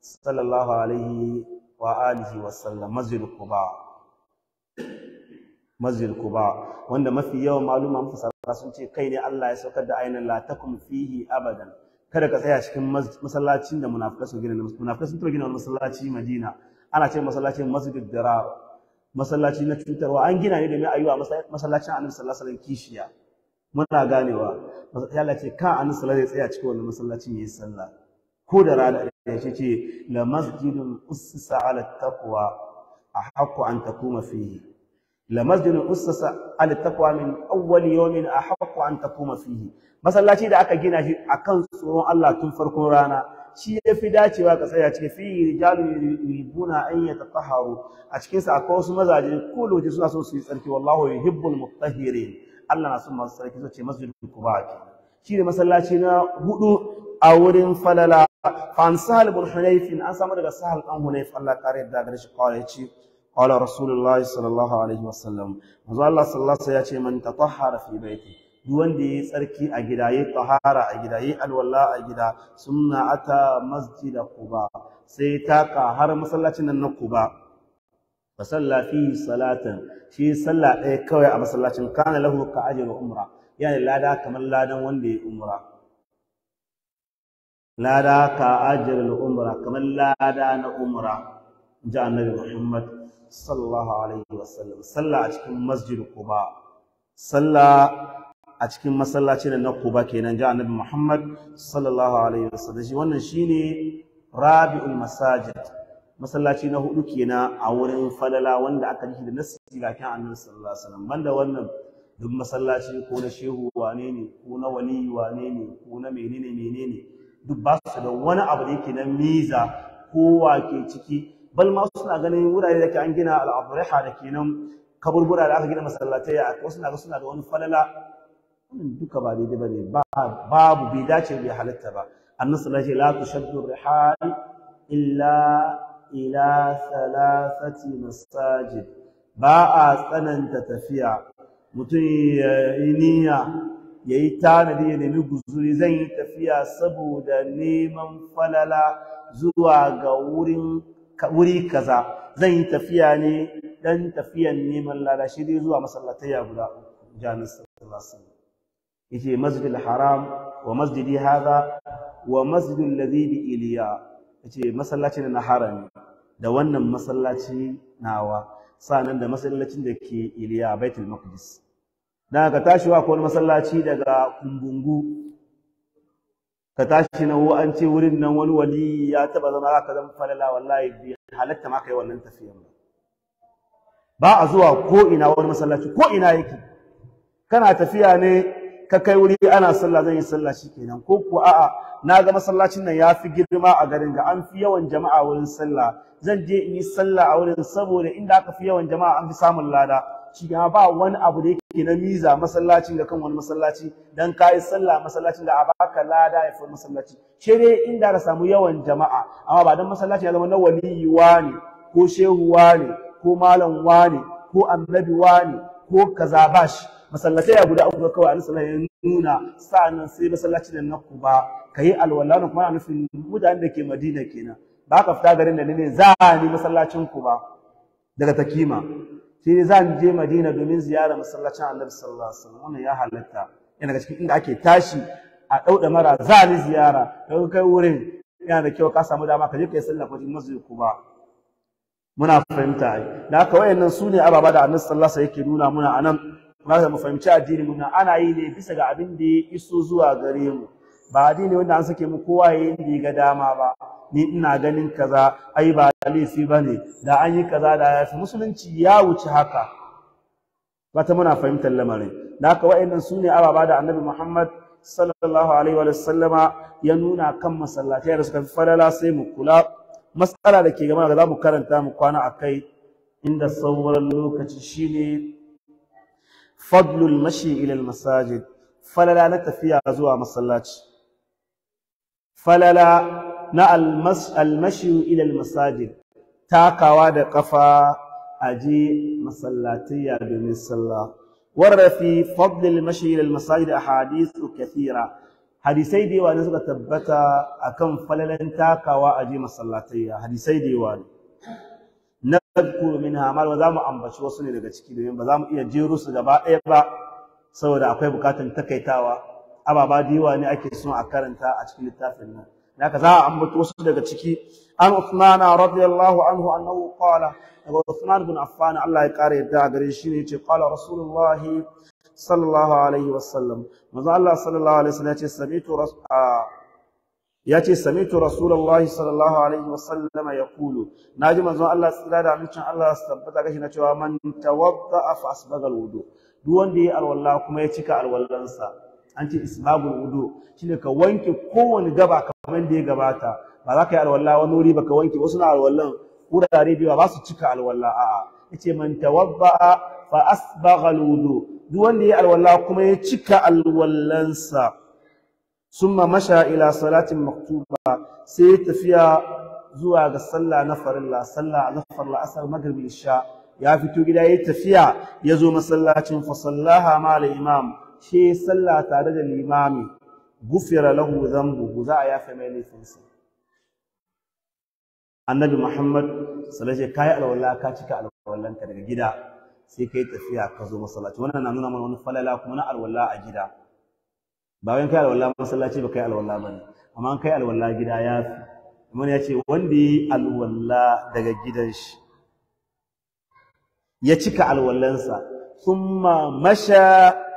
sallallahu alaihi wa alihi wa sallam masjid kuba masjid kuba wanda mafi yawan maluma mafasara sun ce kai ne Allah ya saukar da ainihin la fihi abadan kada ka tsaya cikin masallacin da munafikai sun gina munafikai sun tura gina wani masallaci Madina ana ce masallacin masjidud dirar masallaci na cutarwa an gina ne domin ayyuwa masallacin Annabi sallallahu alaihi wasallam kishiya muna ganewa sai Allah ce ka Annabi sallallahu alaihi tsaya cikin wannan masallacin yayin sallah ko da rana da shi ce la masjidun ussisa ala taqwa ahqqu an takuma fihi lamasjid ussasa ala taqwa min awwal a ahaqqu an tafi fihi masallaci da aka gina shi akan tsoron Allah tun farkon rana shi yafi dacewa ka tsaya cikin fi rijalu yuribuna an yatatahharu a cikin sa akwai wasu mazaje ko suna so su yi tsarki wallahu yuhibbul mutahhirin Allah na son masu tsarki so ce masjidul ki. shi ne masallaci na hudu a wurin falala fa an sahal bin hunayf an samu daga sahal dan hunayf Allah kare da gare shi kawai ya ce qala rasulullahi Allah sallallahu ya ce man tatahhara fi baiti duk wanda yayi tsarki a gida yayi a gida yayi alwala a gida suna ata Masjida, quba sai taka har masallacin nan na quba fa salla salatan shi salla ɗaya kawai a masallacin kana lahu ka ajru umra yana lada kamar ladan wanda yayi umra lada ka ajiyar umra kamar lada na umra ji annabi muhammad sallallahu alaihi wasallam sallah a cikin masjid Quba sallah a cikin masallacin na Quba kenan ga Annabi Muhammad sallallahu alaihi wasallam shi wannan shine rabi'ul masajid masallaci na hudu kenan a wurin falala wanda aka ji da nasi lafiyan Annabi sallallahu alaihi wasallam banda wannan duk masallaci ko na shehu wane ne ko na wali wane ne ko na menene menene duk ba su da wani abu da yake na miza kowa ke ciki bal ma suna ganin wurare da ke an gina al'aduraiha da ke nan kaburbura da aka gina masallatai a wasu suna ga suna da wani falala wannan duka ba daidai ba ne babu bai dace bai halatta ba annabi sallallahu alaihi wasallam la rihal illa ila thalathati masajid ba a tsananta tafiya mutum ya yi niyya ya yi tanadi ya nemi guzuri zan yi tafiya saboda neman falala zuwa ga wurin wuri kaza zan yi tafiya ne dan tafiyan neman lada shi dai zuwa ya guda jami'in sallallahu alaihi yace masjidul haram wa masjidi hadha wa masjidul ladhi bi iliya yace masallacin na harami da wannan masallaci nawa sanan da masallacin da ke iliya baitul maqdis dan ka tashi wa wani masallaci daga kumbungu ka tashi na wa an ce wurin nan wani wali ya taba zama zaka ka zama falala wallahi bi halatta ma kai wannan tafiyan ba ba a zuwa ko ina wani masallaci ko ina yake kana tafiya ne ka kai wuri ana sallah zan yi sallah shikenan ko ko a'a na ga masallacin nan yafi girma a garin ga an fi yawan jama'a wurin sallah zan je in yi sallah a wurin saboda inda aka fi yawan jama'a an fi samun lada shiga ba wani abu da yake na miza masallacin da kan wani masallaci dan kai sallah masallacin da a ba ka lada ya fi masallaci shi dai inda ka samu yawan jama'a amma ba dan masallaci ya zama na wa ne ko wa ne ko wa ne ko wa ne ko kaza ba masallatai ya guda uku kawai annabi sallallahu alaihi nuna sa'annan sai masallaci da na kuba kayi alwala kuma a nufin mutanen da ke Madina kenan ba ka fita garin da ne za a ni masallacin ba. daga takima shi ne za mu je Madina domin ziyara masallacin Annabi sallallahu alaihi wasallam wannan ya halatta yana ga cikin inda ake tashi a dauda mara za ni ziyara kai kai wurin yana da kyau ka samu dama ka je kai sallah wajen masjid ba. muna fahimta ai da haka wayannan su ne ababa da Annabi sallallahu alaihi wasallam yake nuna muna anan za mu fahimci addini muna ana yi ne bisa ga abin da ya iso zuwa gare mu ba addini wanda an sake mu kowa yayin da ya ga dama ba ni ina ganin kaza ai ba laifi bane da an yi kaza da ya musulunci ya wuce haka fata muna fahimtar lamarin da haka wa'annan su ne ababa da annabi muhammad sallallahu alaihi wa sallama ya nuna kan masallatai da suka fi sai mu kula matsala da ke gama da za mu karanta mu kwana a kai inda sauran lokaci shine fadlul mashi ilal masajid falala na tafiya zuwa masallaci falala na almashiyu ilal masajid takawa da kafa aje je masallatayya domin sallah Warrafi fadlil mashi ilal masajid a hadisu kathira hadisai da yawa ne suka tabbata akan falalan takawa a je masallatayya hadisai da yawa na zakuru min hamal ba za mu ambaci wasu ne daga ciki domin ba za mu iya jero su gaba ɗaya ba saboda akwai bukatan takaitawa ababa da yawa ne ake son a karanta a cikin littafin nan haka za a ambato wasu daga ciki an Uthman radiyallahu anhu annahu qala daga Uthman bin Affan Allah ya kare yadda gare shi ne ce qala Rasulullah sallallahu alaihi wasallam manzo Allah sallallahu alaihi wasallam ya ce samitu ya ce samitu Rasulullah sallallahu alaihi wasallam yaqulu naji manzo Allah tsira da amincin Allah tabbata gashi na cewa man tawadda fa asbaga alwudu duk wanda ya alwala kuma ya cika alwallansa an ce islabul wudu shine ka wanke kowane gaba kamar da ya gabata ba za ka yi alwala wani wuri ba ka wanke wasu na alwallan wurare biyu ba su cika alwala a'a yace man tawabba fa asbagha alwudu duk wanda ya alwala kuma ya cika alwallansa summa masha ila salatin maktuba sai tafiya zuwa ga sallah na farilla sallah na farilla asar maghrib isha ya fito gida yayi tafiya Ya zo masallacin fa sallaha ma al imam shi sallah tare da limami gufira lahu zambu za a yafe mai laifinsa annabi muhammad sallallahu alaihi kai alwala ka cika ka daga gida sai kai tafiya ka zo masallaci wannan na nuna mana wani falala kuma na alwala a gida ba wai kai alwala masallaci ba kai alwala bane amma kai alwala gida ya fi ya ce wanda yi alwala daga gidan shi ya cika alwallansa summa masha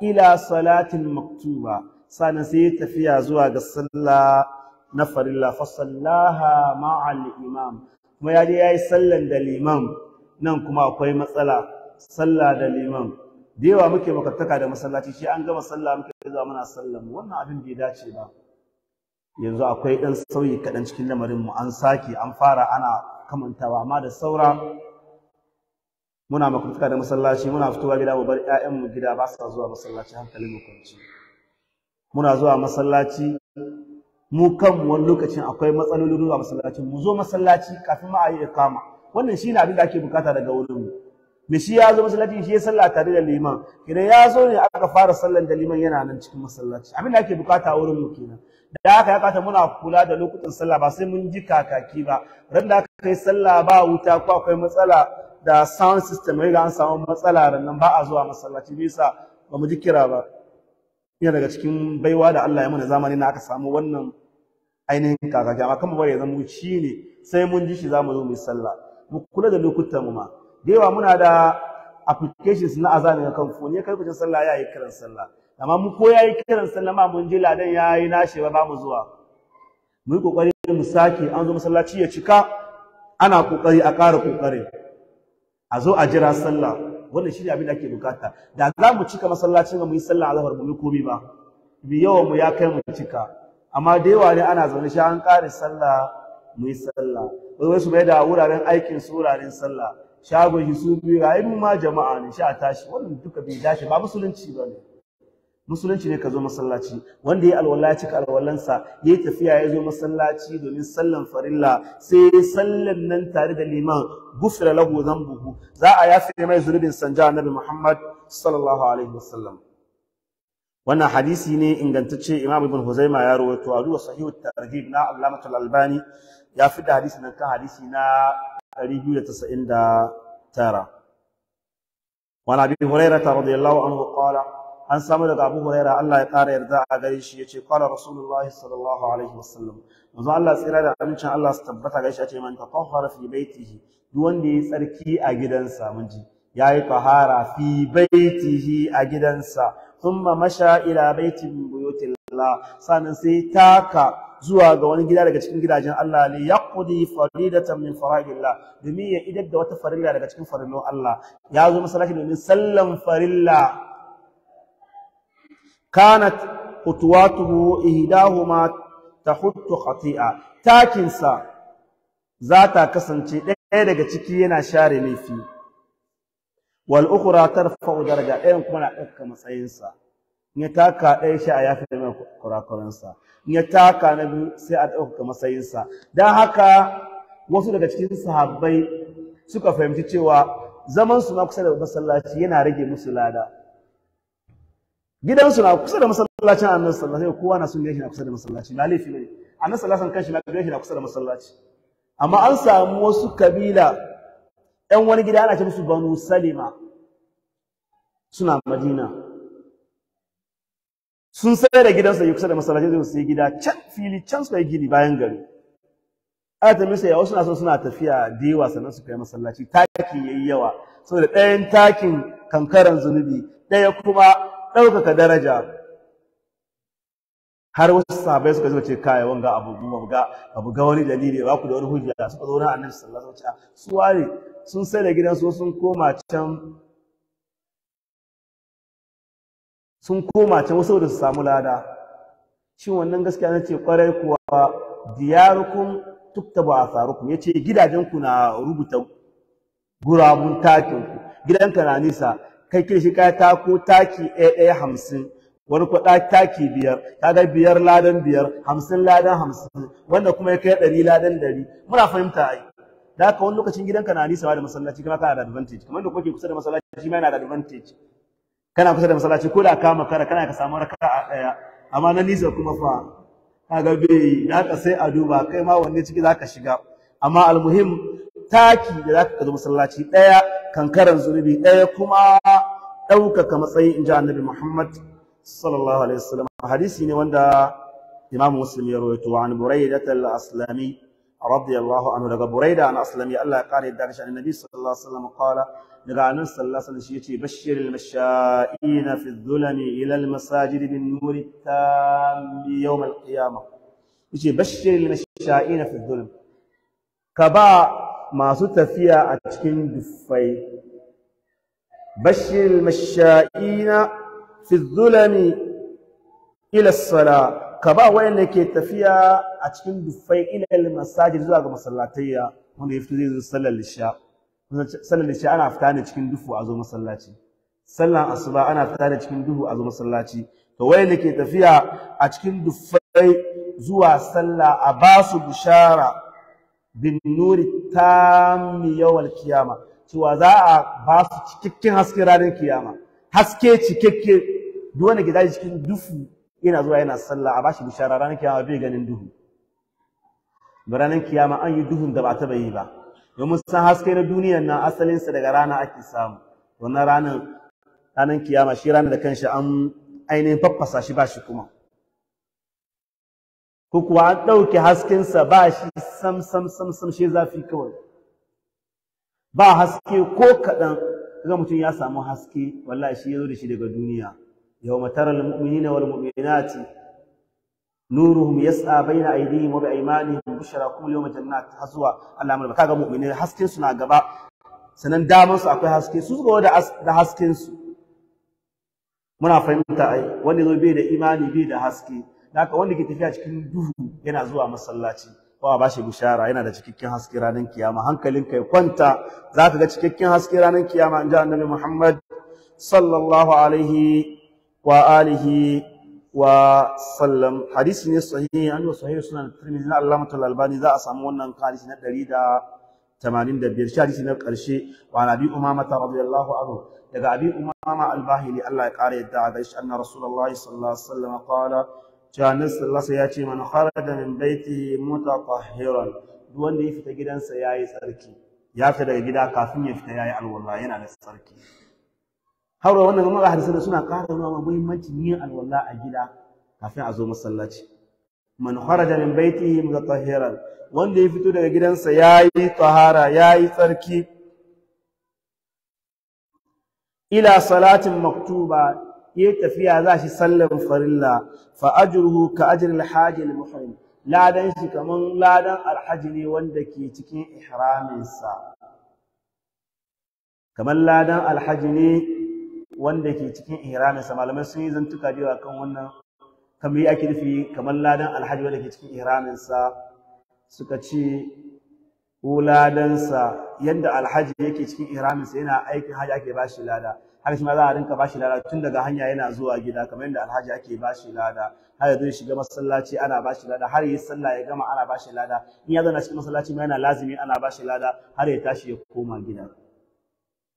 ila salatin maktuba sannan sai ya tafiya zuwa ga sallah na farilla fa sallaha ma'al imam kuma ya je yayi sallan da liman nan kuma akwai matsala sallah da liman da yawa muke makartaka da masallaci shi an gama sallah muke zuwa muna sallan wannan abin bai dace ba yanzu akwai ɗan sauyi kaɗan cikin lamarin mu an sake an fara ana kamantawa amma da saura muna makwabtaka da masallaci muna fitowa gida mu bar mu gida ba sa zuwa masallaci hankalin mu kwanci muna zuwa masallaci mu kan wani lokacin akwai matsaloli zuwa masallaci mu zo masallaci kafin ma a yi ikama wannan shine abin da ake bukata daga wurin mu me shi ya zo masallaci shi ya sallah tare da liman idan ya zo ne aka fara sallan da liman yana nan cikin masallaci abin da ake bukata a wurin mu kenan da haka ya kata muna kula da lokutan sallah ba sai mun ji kakaki ba ran da aka kai sallah ba wuta ko akwai matsala da sound system ya an samu matsala nan ba a zuwa masallaci bisa ba mu ji kira ba Ina daga cikin baiwa da Allah ya mana zamani na aka samu wannan ainihin kakaki amma kan bari zan zama ne sai mun ji shi zamu zo mu yi sallah mu kula da lokutan mu ma da yawa muna da applications na azani ga kan phone ya kai kucin sallah yayi kiran sallah amma mu ko yayi kiran sallah ma mun ji ladan yayi nashi ba mu zuwa mu yi kokari mu sake an zo masallaci ya cika ana kokari a ƙara kokari a zo a jira sallah wannan shine abin da ake bukata da za mu cika masallacin mu yi sallah azhar mu yi komai ba bi yawan mu ya kai mu cika amma da yawa ne ana zaune shi an kare sallah mu yi sallah wai wasu bai da wuraren aikin su wuraren sallah Shago shi su biyu ga ma jama'a ne sha tashi wannan duka bai dace ba musulunci ba ne musulunci ne ka zo masallaci wanda ya alwala ya cika alwalansa ya yi tafiya ya zo masallaci domin sallan farilla sai ya sallan nan tare da liman gufira lahu buhu. za a yafe mai zunubin sanja annabi Muhammad sallallahu alaihi wasallam wannan hadisi ne ingantacce Imam Ibn Huzaima ya rawaito a duwa sahihu targhib na Allamatul Albani ya fi da hadisi nan kan hadisi na 299 وعن ابي هريره رضي الله عنه قال an samu daga Abu Huraira Allah ya ƙara yarda a gare shi yace qala Rasulullahi sallallahu alaihi wasallam manzo Allah tsira da amincin Allah su tabbata gare shi yace man tatahhara fi baitihi duk wanda yayi tsarki a gidansa mun yayi tahara fi baitihi a gidansa thumma masha ila baitin buyutillah sanan sai taka zuwa ga wani gida daga cikin gidajen Allah ne yaqdi faridatan min faradillah domin ya idar da wata farilla daga cikin farillon Allah ya zo masallaci domin sallan farilla kanat hutuwatuhu ihdahuma tahuttu khati'a takin sa za ta kasance ɗaya daga ciki yana share laifi wal ukhra tarfa'u daraja ɗayan kuma na ɗauka matsayin sa in ya taka ɗaya shi a yafe mai kurakuran sa in ya taka na biyu sai a ɗauka matsayin sa dan haka wasu daga cikin sahabbai suka fahimci cewa zamansu su na kusa da masallaci yana rage musu lada gidansu na kusa da masallacin annabi sallallahu alaihi kowa na son gashi na kusa da masallaci na laifi ne annabi sallallahu alaihi kanshi na gashi na kusa da masallaci amma an samu wasu kabila ɗan wani gida ana ce musu banu salima suna madina sun sai da gidansu yi kusa da masallaci zai yi gida can fili can su yi gini bayan gari ana ta misa yawa suna son suna tafiya da yawa sannan su kai masallaci taki yayi yawa saboda ɗayan takin kankaran zunubi ɗaya kuma ɗaukaka daraja har wasu sahabai suka zo ce kai wanga abu ga abu ga wani dalili ba ku da wani hujja suka zo na annabi sallallahu alaihi wasallam su ware sun sai da su sun koma can sun koma can wasu da su samu lada shin wannan gaskiya nace kwarai kuwa diyarukum tuktabu atharukum yace gidajenku na rubuta gurabun takin ku gidanka na nisa kai kirshi ta ko taki ɗaya ɗaya hamsin wani kuɗa taki biyar da biyar ladan biyar hamsin ladan hamsin wanda kuma ya kai ɗari ladan ɗari muna fahimta ai da haka wani lokacin gidanka na nisa da masallaci kuma kana da advantage kamar da kuke kusa da masallaci ma yana da advantage kana kusa da masallaci ko da ka makara kana ka samu raka'a ɗaya amma na nisa kuma fa kaga bai da haka sai a duba kai ma wanne ciki zaka shiga amma almuhim taki da zaka ka masallaci ɗaya kankaran zunubi ɗaya kuma ɗaukaka matsayi in ji annabi Muhammad sallallahu alaihi wasallam hadisi ne wanda Imam Muslim ya rawaito an Buraida al-Aslami radiyallahu anhu daga Buraida an Aslami Allah ya kare da shi annabi sallallahu alaihi wasallam qala daga annabi sallallahu alaihi wasallam yace bashiril masha'ina fi dhulami ila al-masajid bin nuri tam yawm al-qiyamah yace bashiril masha'ina fi dhulm ka ba masu tafiya a cikin dufai bashir masha'ina fi zulami ila sala ka ba wayanda ke tafiya a cikin dufai ila masajid zuwa ga masallatayya wanda ya fito zai zo sallar lisha sallar lisha ana fita ne cikin duhu a zo masallaci sallar asuba ana fita ne cikin duhu a zo masallaci to wayanda ke tafiya a cikin dufai zuwa sallah a basu bishara bin nuri tammi yawal kiyama cewa za a ba su cikakken hasken ranar kiyama haske cikakke duk wanda gida cikin dufu yana zuwa yana sallah a bashi bishara ranar kiyama bai ganin duhu ranar kiyama an yi duhun da ba ta yi ba domin san haske na duniyar nan asalinsa daga rana ake samu wannan ranar kiyama shi ranar da kanshi an ainihin faffasa shi ba shi kuma ko kuwa an ɗauke haskensa ba shi sam sam sam sam shi zafi kawai ba haske ko kaɗan ga mutum ya samu haske wallahi shi ya zo da shi daga duniya yau matar al na wal mu'minati nuruhum yas'a baina aydihim wa bi'aymanihim bushrakum yawma jannat hazwa Allah mun ga mu'mini hasken su na gaba sanan daman su akwai haske su zuwa da da hasken su muna fahimta ai wani zo bai da imani bai da haske haka wanda ke tafiya cikin duhu yana zuwa masallaci ba ba shi bishara yana da cikakken haske ranar kiyama hankalinka ya kwanta za ka ga cikakken haske ranar kiyama in ji annabi Muhammad sallallahu alaihi wa alihi wa sallam hadisi ne sahihi an yi sahihi suna tirmidhi na alamatul albani za a samu wannan hadisi na ɗari da tamanin da biyar hadisi na ƙarshe wa nabi umamata radiyallahu anhu daga abi umama albahili Allah ya ƙara yadda a gaishe anna rasulullahi sallallahu alaihi wa sallam qala cewa nasu ya ce mana kharaja min baiti mutatahhiran duk wanda ya fita gidansa yayi tsarki ya fita daga gida kafin ya fita yayi alwala yana da tsarki haura wannan ga ga hadisi suna kara nuna ma muhimmanci yin alwala a gida kafin a zo masallaci man kharaja min baiti mutatahhiran wanda ya fito daga gidansa yayi tahara yayi tsarki ila salatin maktuba ya tafiya za sallan farilla fa ajruhu ka ajril haji al muhrim ladan shi kaman ladan alhaji ne wanda ke cikin ihraminsa kaman ladan alhaji ne wanda ke cikin ihraminsa malamai sun yi zantuka da kan wannan kamar yi ake nufi kamar ladan alhaji wanda ke cikin ihraminsa suka ce ko ladansa yadda alhaji yake cikin ihraminsa yana aikin haji ake bashi shi lada haka shi ma za a rinka bashi lada tun daga hanya yana zuwa gida kamar yadda alhaji ake bashi lada har yanzu ya shiga masallaci ana bashi lada har ya sallah ya gama ana bashi lada in ya zauna cikin masallaci ma yana lazimi ana bashi lada har ya tashi ya koma gida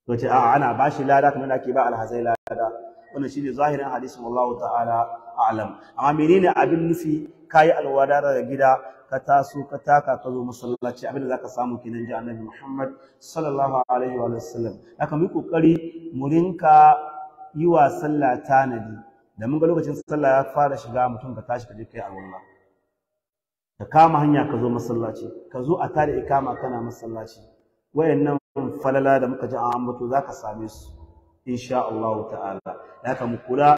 to ce a'a ana bashi lada kamar yadda ake ba alhazai lada wannan shine zahirin hadisin wallahu ta'ala a'lam amma menene abin nufi kayi alwada daga gida ka taso ka taka ka zo masallaci abinda zaka samu kenan ji annabi Muhammad sallallahu alaihi wa sallam haka mu kokari mu rinka yi wa sallah tanadi da mun ga lokacin sallah ya fara shiga mutum ka tashi ka je kai a wurin ka kama hanya ka zo masallaci ka zo a tare ikama kana masallaci wayannan falala da muka ji an ambato zaka same su insha Allah ta'ala haka mu kula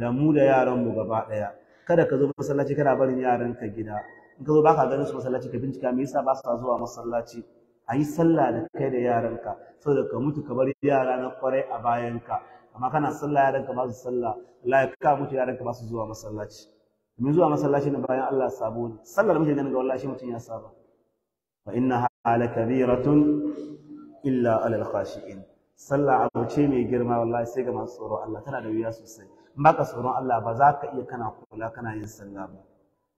da mu da yaran mu gaba daya kada ka zo masallaci kana barin yaranka gida in ka zo baka ganin su masallaci ka bincika me yasa ba sa zuwa masallaci a yi sallah da kai da yaranka saboda ka mutu ka bar yara na kwarai a bayanka amma kana sallah yaranka ba su sallah Allah ya ka mutu yaranka ba su zuwa masallaci domin zuwa masallaci na bayan Allah sabo ne sallar mutum ganin ga wallahi shi mutum ya saba fa inna ala kabiratun illa alal khashi'in sallah abu ce mai girma wallahi sai ga masu tsoron Allah tana da wuya sosai in baka tsoron Allah ba za ka iya kana kula kana yin sallah ba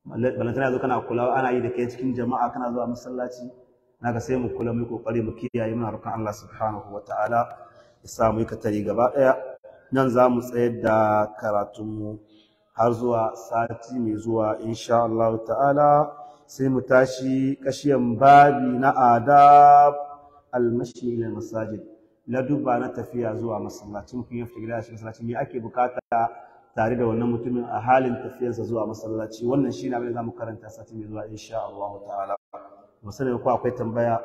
balantana zo kana kulawa ana yi da kai cikin jama'a kana zuwa masallaci naga sai mu kula mu kokari mu kiyaye muna roƙon Allah subhanahu wataala ya sa mu ka tare gaba daya nan za mu tsayar da karatun mu har zuwa sati mai zuwa insha Allah ta'ala sai mu tashi kashiyan babi na adab almashi ila masajid la duba na tafiya zuwa masallacin kun ya fita gida shi masallacin me ake bukata tare da wannan mutumin a halin tafiyarsa zuwa masallaci wannan shi ne abin da za mu karanta sati mai zuwa insha Allah ta'ala mu sani ko akwai tambaya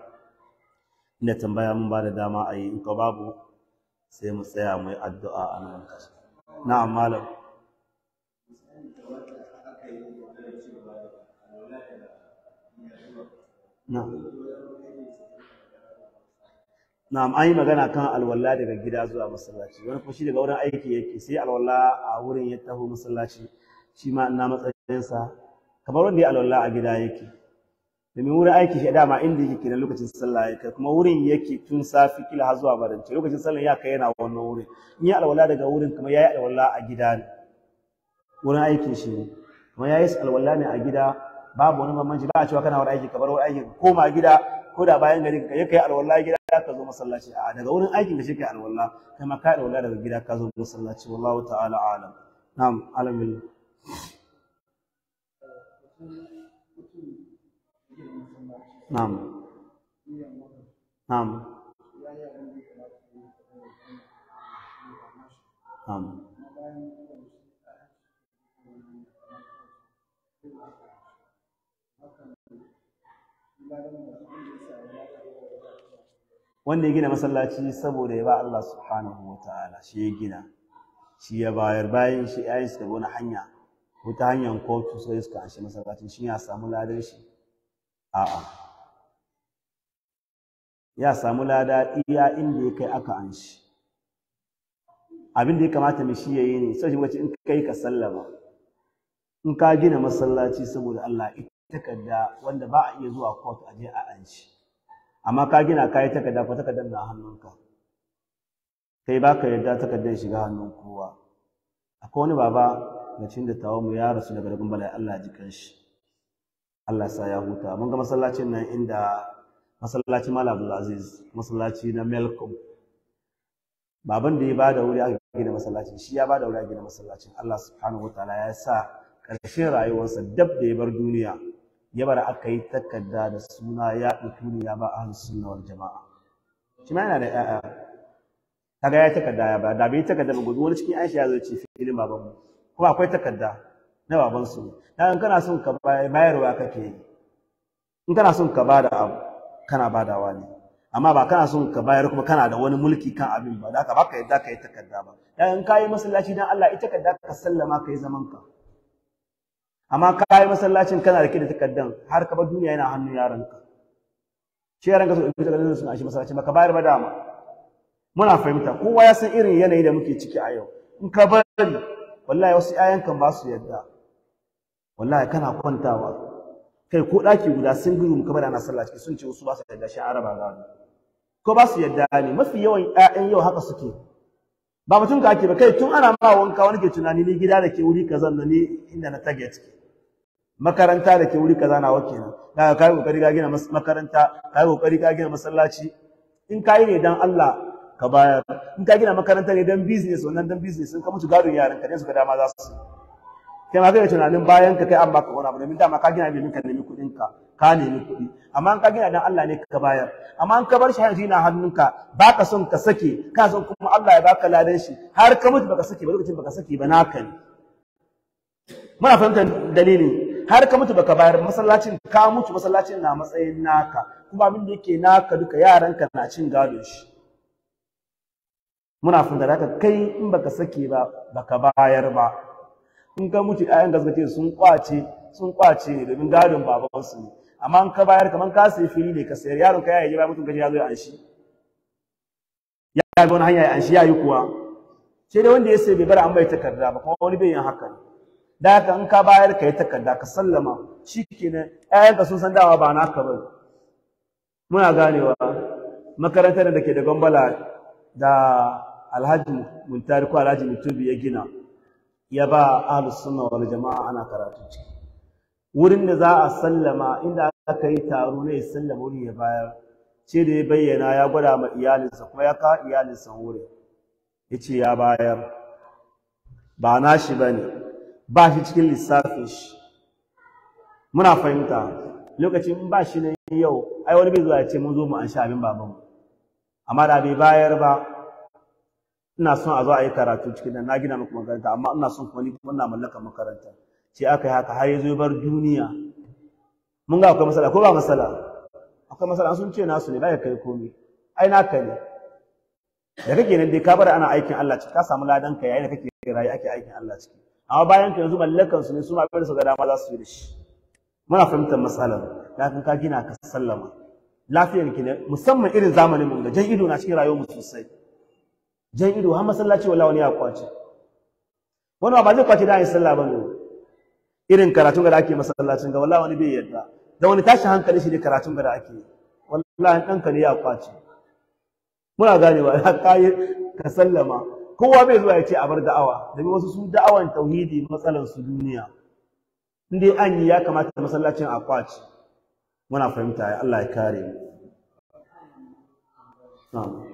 ina tambaya mun ba da dama a yi in ka babu sai mu tsaya mu yi addu'a a nan na'am malam na'am na'am an yi magana kan alwala daga gida zuwa masallaci wani fashi daga wurin aiki yake sai alwala a wurin ya taho masallaci shi ma ina matsayinsa kamar wanda ya alwala a gida yake domin wurin aiki shi dama inda yake kenan lokacin sallah ya kai kuma wurin yake tun safi kila har zuwa barance lokacin sallah ya kai yana wannan wurin in ya alwala daga wurin kamar ya yi alwala a gida ne wurin aikin shi ne kamar ya yi alwala ne a gida babu wani bambanci ba a cewa kana wurin aiki kamar wurin aiki koma gida koda bayan gari ka kai alwala gida ka zo masallaci a daga wurin aikin ka kai alwala kai ma ka alwala daga gida ka zo masallaci wallahu ta'ala alam na'am alamin na'am na'am na'am wanda ya gina masallaci saboda ya ba Allah subhanahu wa ta'ala shi ya gina shi ya bayar bayan shi ya yi suka wani hanya ko ta hanyar kotu sai suka ashe masallacin shi ya samu ladar shi a'a ya samu lada iya inda ya kai aka an shi abin da ya kamata mai shi ya yi ne sai shi in kai ka sallama in ka gina masallaci saboda Allah takarda wanda ba a iya zuwa court a je a an ci. amma ka gina ka yi takarda ko takardar na hannunka kai ba ka yarda takardar shiga hannun kowa akwai wani baba na cikin dattawan mu ya rasu daga ragun bala'i Allah ji kanshi Allah sa ya huta mun ga masallacin nan inda masallaci Malam Abdul Aziz masallaci na Melkom baban da ya bada wuri aka gina masallacin shi ya bada wuri aka gina masallacin Allah subhanahu wataala ya sa ƙarshen rayuwarsa dab da ya bar duniya ya bar aka yi takarda da suna ya ɗutu ya ba a hannun wal jama'a shi ma yana da Ta kaga ya takarda ya ba da bai takarda ba gobe wani cikin Aisha ya zo ce filin baban mu kuma akwai takarda na baban su dan kana son ka bayarwa kake yi in kana son ka bada abu kana badawa ne amma ba kana son ka bayar kuma kana da wani mulki kan abin ba da haka baka yadda ka yi takarda ba Ya in ka yi masallaci don Allah ita takarda ka sallama ka yi zaman ka amma ka yi masallacin kana da ke da takaddan har ka bar duniya yana hannun yaranka shi yaranka su ɗauki takardun suna shi masallacin ba ka bayar ba dama muna fahimta kowa ya san irin yanayi da muke ciki a yau in ka bari wallahi wasu ƴaƴan kan ba su yadda wallahi kana kwantawa kai ko ɗaki guda sun gudu muka bari ana sallah sun ce wasu ba su yadda shi araba gado ko ba su yadda ne mafi yawan ƴaƴan yau haka suke ba mutum ka ake ba kai tun ana ma wanka wani ke tunani ni gida da ke wuri kazan da ni inda na tage ciki makaranta da ke wuri kaza wake na daga kai kokari ka gina makaranta kai kokari ka gina masallaci in kai ne dan Allah ka bayar in ka gina makaranta ne dan business wannan dan business in ka mutu gadon yaran ka ne suka dama za su kai ma kai tunanin bayan ka kai an baka wani abu domin dama ka gina min ka nemi kudin ka ka nemi kuɗi amma in ka gina dan Allah ne ka bayar amma in ka bar shi yanzu yana hannunka baka son ka sake ka son kuma Allah ya baka ladan shi har ka mutu baka sake ba lokacin baka sake ba naka ne muna fahimtar dalilin har ka mutu baka bayar masallacin ka mutu masallacin na matsayin naka kuma abin da yake naka duka yaranka na cin gado shi muna fun da haka kai in baka sake ba baka bayar ba in ka mutu ayan gaskace sun kwace sun kwace ne domin gadon babansu ne amma in ka bayar kaman ka sai fili ne ka sayar yaron ka yayi ba mutun ji ya zo an anshi ya ga wani hanya ya anshi yayi kuwa sai dai wanda ya sai bai bar an bai takarda ba kuma wani bai yin haka ne da haka in ka bayar ka yi takarda ka sallama shi kenan ka sun san dawa ba naka ba muna ganewa makarantar da ke da gwambala da alhaji muntari ko alhaji mutubi ya gina ya ba ahlus sunna wal jama'a ana karatu ce. wurin da za a sallama inda aka yi taro ne sallama wurin ya bayar ce da ya bayyana ya gwada ma iyalinsa kuma ya kawo iyalinsa wurin ya ce ya bayar ba nashi ba ne ba shi cikin lissafin shi muna fahimta lokacin ba shi ne yau ai wani bai zuwa ya ce mun zo mu an sha abin babanmu amma da bai bayar ba ina son a zo a yi karatu cikin nan na gina muku makaranta amma ina son kuma ni kuma ina mallaka makaranta sai aka yi haka har ya zo bar duniya mun ga akwai masala ko ba masala akwai masala sun ce nasu ne ba ya kai komai ai naka ne da kake nan dai ka bar ana aikin Allah ciki ka samu ladan ka yayin da kake rayu ake aikin Allah ciki amma bayan ka yanzu mallakan su ne su ma abin su ga dama za su yi da shi muna fahimtar matsalar lakin ka gina ka sallama lafiyar ki ne musamman irin zamanin mu da jan ido na cikin rayuwar mu sosai jan ido har masallaci wallahi wani ya kwace wani ba zai kwace da yin sallah ba ne irin karatun da ake masallacin ga wallahi wani bai yarda da wani tashi hankali shi ne karatun da ake wallahi ɗanka ne ya kwace muna ganewa ka ka sallama kowa bai zuwa ya ce a bar da'awa domin wasu su da'awan tauhidi matsalar su duniya in dai an yi ya kamata da masallacin a kwaci muna fahimta ya Allah ya kare mu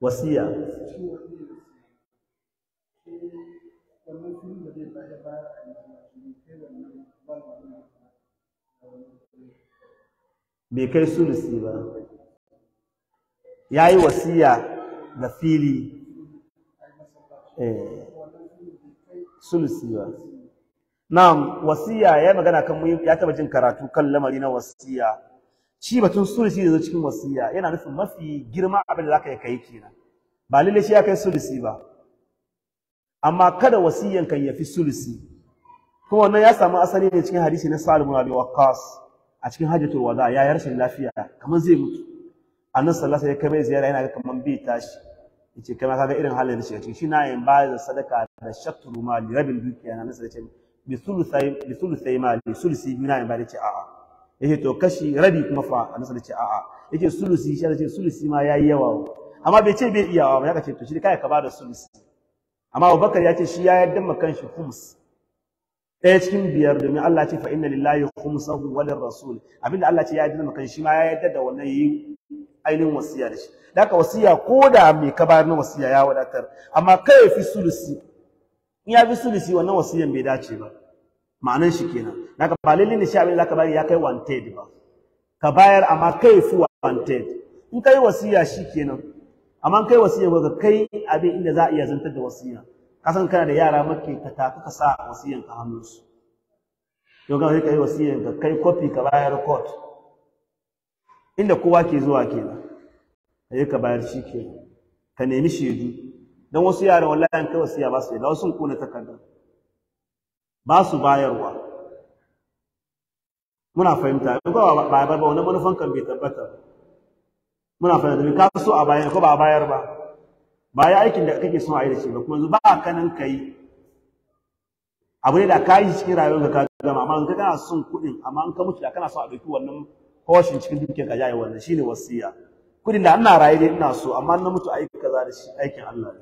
wasiya bai kai sulusi ba ya yi wasiya da fili eh, sulusi ba na'am wasiya ya yi magana kan ya taba jin karatu kan lamari na wasiya shi batun sulusi da cikin wasiya yana nufin mafi girma abin da za ka yi kai kenan ba lallai shi ya kai sulusi ba amma kada wasiyan kan yafi sulusi kuma wannan ya samu asali ne cikin hadisi na Sa'ad ibn Abi Waqqas a cikin hajjatul wada ya rashin lafiya kamar zai mutu annabi sallallahu alaihi wasallam ya kai ziyara yana ga kamar bai tashi yace kai ma kaga irin halin da shiga cikin shi na yin ba da sadaka da shatru mali rabin dukiya na nasa yace bi sulusai bi sulusai mali sulusi na yin ba da ce a'a yace to kashi rabi kuma fa annabi yace a'a yace sulusi shi yace sulusi ma yayi yawa amma bai ce bai iyawa ba ya kace to shi kai ka ba da sulusi amma Abubakar ya ce shi ya yarda makan shi khums ɗaya cikin biyar domin Allah ce fa’in na lillahi khumsahu walin rasul abinda Allah ce ya yi maka shi ma ya yarda da wannan yi ainihin wasiya da shi Da aka wasiya ko da mai ka bayar na wasiya ya wadatar amma kai ya fi sulusi in ya fi sulusi wannan wasiyan bai dace ba ma'anan shi kenan Da aka lalle ne shi abin da aka bayar ya kai wanted ba ka bayar amma kai fi wanted in kai wasiya shi kenan amma kai wasiya ba kai abin inda za a iya zantar da wasiya kasan kana da yara maki ka ta ka sa wasiyan ka hannunsu yau ga kai ka yi wasiyan ka kai copy ka bayar court inda kowa ke zuwa kenan kai ka bayar shi ke ka nemi shaidu dan wasu yara wallahi an kai wasiya ba su da wasu kuna takarda ba su bayarwa muna fahimta ba ba ba wannan manufan kan bai tabbata muna fahimta ka so a bayar ko ba a bayar ba ba ya aikin da kake son a yi da shi ba kuma ba ka nan ka yi abu ne da ka yi cikin rayuwarka ka gama amma ka kana son kuɗin amma an ka mutu da kana son a ɗauki wannan kawashin cikin dukiyar ka jaye wannan shine wasiya kuɗin da ana raye ne ina so amma na mutu aiki kaza da shi aikin Allah ne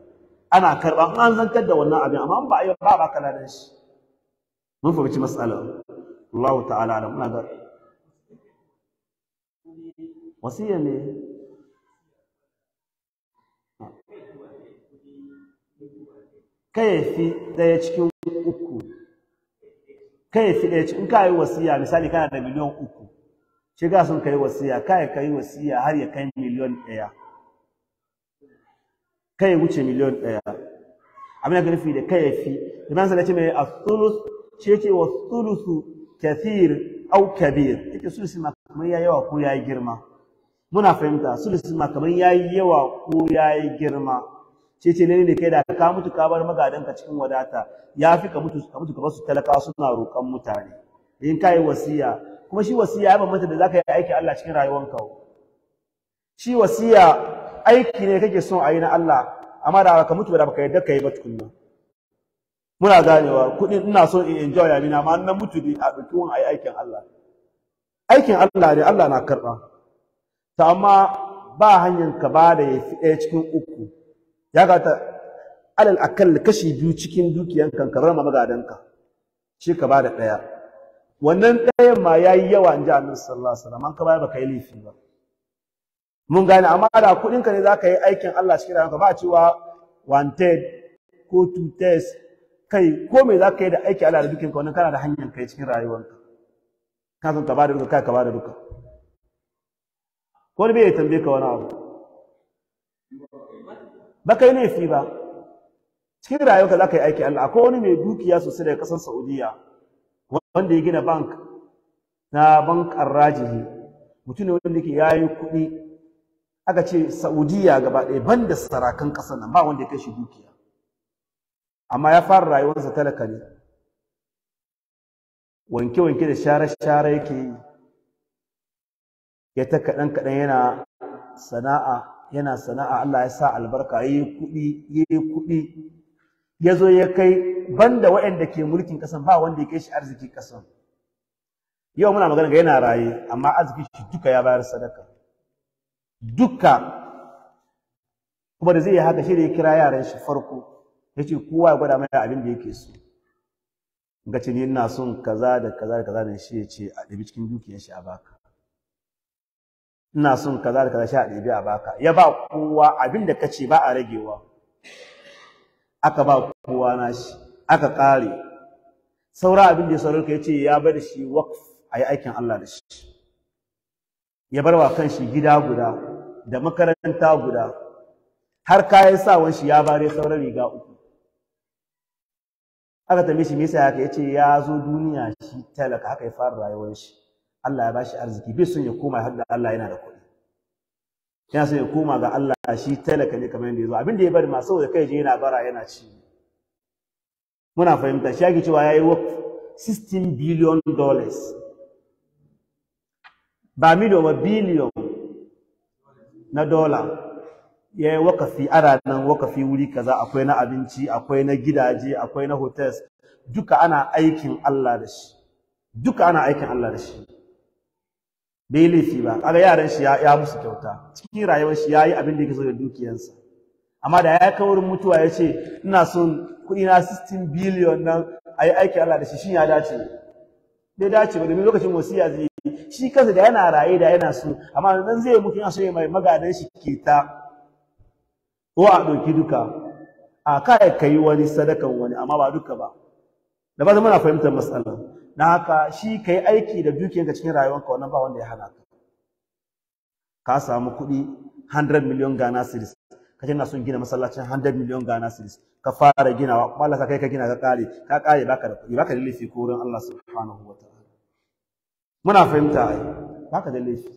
ana karɓa an zantar da wannan abin amma ba a ba ba ka ladan shi mun fahimci matsalar Allah ta'ala da muna ga wasiya ne fi daya cikin uku kai fi ɗaya cikin ka yi wasiya misali kana da miliyan uku shi ga sun kai wasiya kai kai wasiya har ya kai miliyan ɗaya kai wuce miliyan ɗaya abin da nufi da kai fi imam sai ce mai as-sulus shi yake wa sulusu kathir au kabir yake sulusi ma kamar yayi yawa ko yayi girma muna fahimta sulusi ma kamar yayi yawa ko yayi girma shi ce ne ne kai da ka mutu ka bar magadanka cikin wadata ya fi ka mutu ka mutu ka basu talaka suna roƙon mutane in kai wasiya kuma shi wasiya ya bambanta da zaka yi aiki Allah cikin rayuwanka shi wasiya aiki ne kake son a yi na Allah amma da ka mutu da baka yarda kai ba tukunna muna ganewa kuɗin ina so in enjoy Yamina, amma na mutu bi a ɗauki wani aikin Allah aikin Allah ne Allah na karɓa ta amma ba hanyar ka ba da ya fi ɗaya cikin uku ya ga ta, alal akal kashi biyu cikin dukiyan ka rama magadanka shi ka bada ɗaya wannan ɗayan ma yayi yawa in ji annabi sallallahu alaihi wasallam an ka baya baka yi laifi ba mun gane amma da kuɗin ka ne ka yi aikin Allah cikin ranka ba cewa wanted ko two test kai ko me za ka yi da aiki Allah da dukin ka wannan kana da hanyar kai cikin rayuwarka ka san ka bada duka ka bada duka ko ne bai tambaye ka wani abu ba kai fi ba cikin rayuwarka za ka yi aiki Allah akwai wani mai dukiya sosai daga ƙasar Saudiya wanda ya gina bank na bankan arrajihi mutum ne wanda yake yayi kuɗi aka ce Saudiya gaba ɗaya banda sarakan ƙasar nan ba wanda ya kai shi dukiya amma ya fara rayuwarsa talaka ne wanke-wanke da share-share yake yi ya ta kaɗan-kaɗan yana sana'a yana sana'a Allah ya sa albarka yayi kudi yayi kuɗi ya zo ya kai banda waɗanda ke mulkin ƙasan ba wanda ya kai shi arziki kasan yau muna magana ga yana raye amma arziki shi duka ya bayar sadaka duka kuma da zai yi haka shi da ya kira yaran shi farko ya ce kowa ya gwada mai abin da yake so ga ce ni ina son kaza da kaza da kaza ne shi ya ce a ɗabi cikin dukiyar shi a baka ina son kaza da kaza sha ɗebi a baka ya ba kowa abin da kace ba a ragewa aka ba kowa nashi aka ƙare saura abin da ya saurar ka yace ya bar shi waqf ayi aikin Allah da shi ya bar wa kanshi gida guda da makaranta guda har kayan sawan shi ya bare sauran riga uku aka tambaye shi me yasa haka yace ya zo duniya shi talaka haka ya fara rayuwar shi Allah ya bashi arziki bai sun ya koma har da Allah yana da kuɗi yana son ya koma ga Allah shi talaka ne kamar yadda ya zo abin da ya bari ma saboda kai je yana bara yana ci muna fahimta shi yake cewa yayi work 16 billion dollars ba miliyan ba biliyon na dola ya yi wakafi ana nan wakafi wuri kaza akwai na abinci akwai na gidaje akwai na hotels duka ana aikin Allah da shi duka ana aikin Allah da shi bai laifi ba kaga yaran shi ya musu kyauta cikin rayuwar shi yayi abin da yake so da dukiyarsa amma da ya kawo wurin mutuwa ya ce ina son kuɗi na 16 billion nan a yi aiki Allah da shi shi ya dace bai dace ba domin lokacin wasiya zai yi shi kansa da yana raye da yana so amma nan zai mutu yana so ya mai magadan shi ke ta ko a ɗauki duka a kai wani sadakan wani amma ba duka ba da ba zama na fahimtar matsalar dan haka shi kai aiki da dukiyarka cikin rayuwarka wannan ba wanda ya hana ka ka samu kuɗi 100 million Ghana cedis ka ce na son gina masallacin 100 million Ghana cedis ka fara ginawa kuma Allah kai ka gina ka kare ka kare baka da kuɗi baka da laifi ko wurin Allah subhanahu wataala muna fahimta ai baka da laifi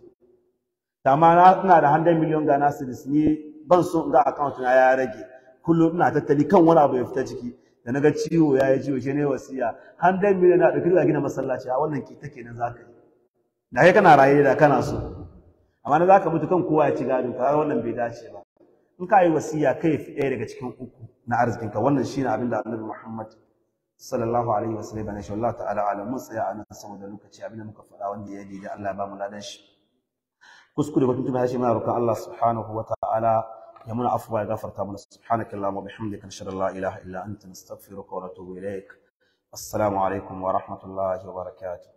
ma na ina da 100 million Ghana cedis ni ban so in ga account na ya rage kullum ina tattali kan wani abu ya fita ciki da naga ciwo ya yi ciwo shi ne wasiya handan miliyan na ɗauki zuwa gina masallaci a wannan kita kenan za ka yi da kai kana raye da kana so amma na za ka mutu kan kowa ya ci gado ka wannan bai dace ba in ka yi wasiya kai fi ɗaya daga cikin uku na arzikinka wannan shine abin da annabi muhammad sallallahu alaihi wasallam bane shi Allah ta'ala ala mun tsaya a nan saboda lokaci abin da muka faɗa wanda ya da Allah ba mu ladan shi kuskure batun tuna shi muna roƙon Allah subhanahu wa ta'ala يا من عفوا يا غفر تامنا سبحانك اللهم وبحمدك نشهد ان لا اله الا انت نستغفرك ونتوب اليك السلام عليكم ورحمه الله وبركاته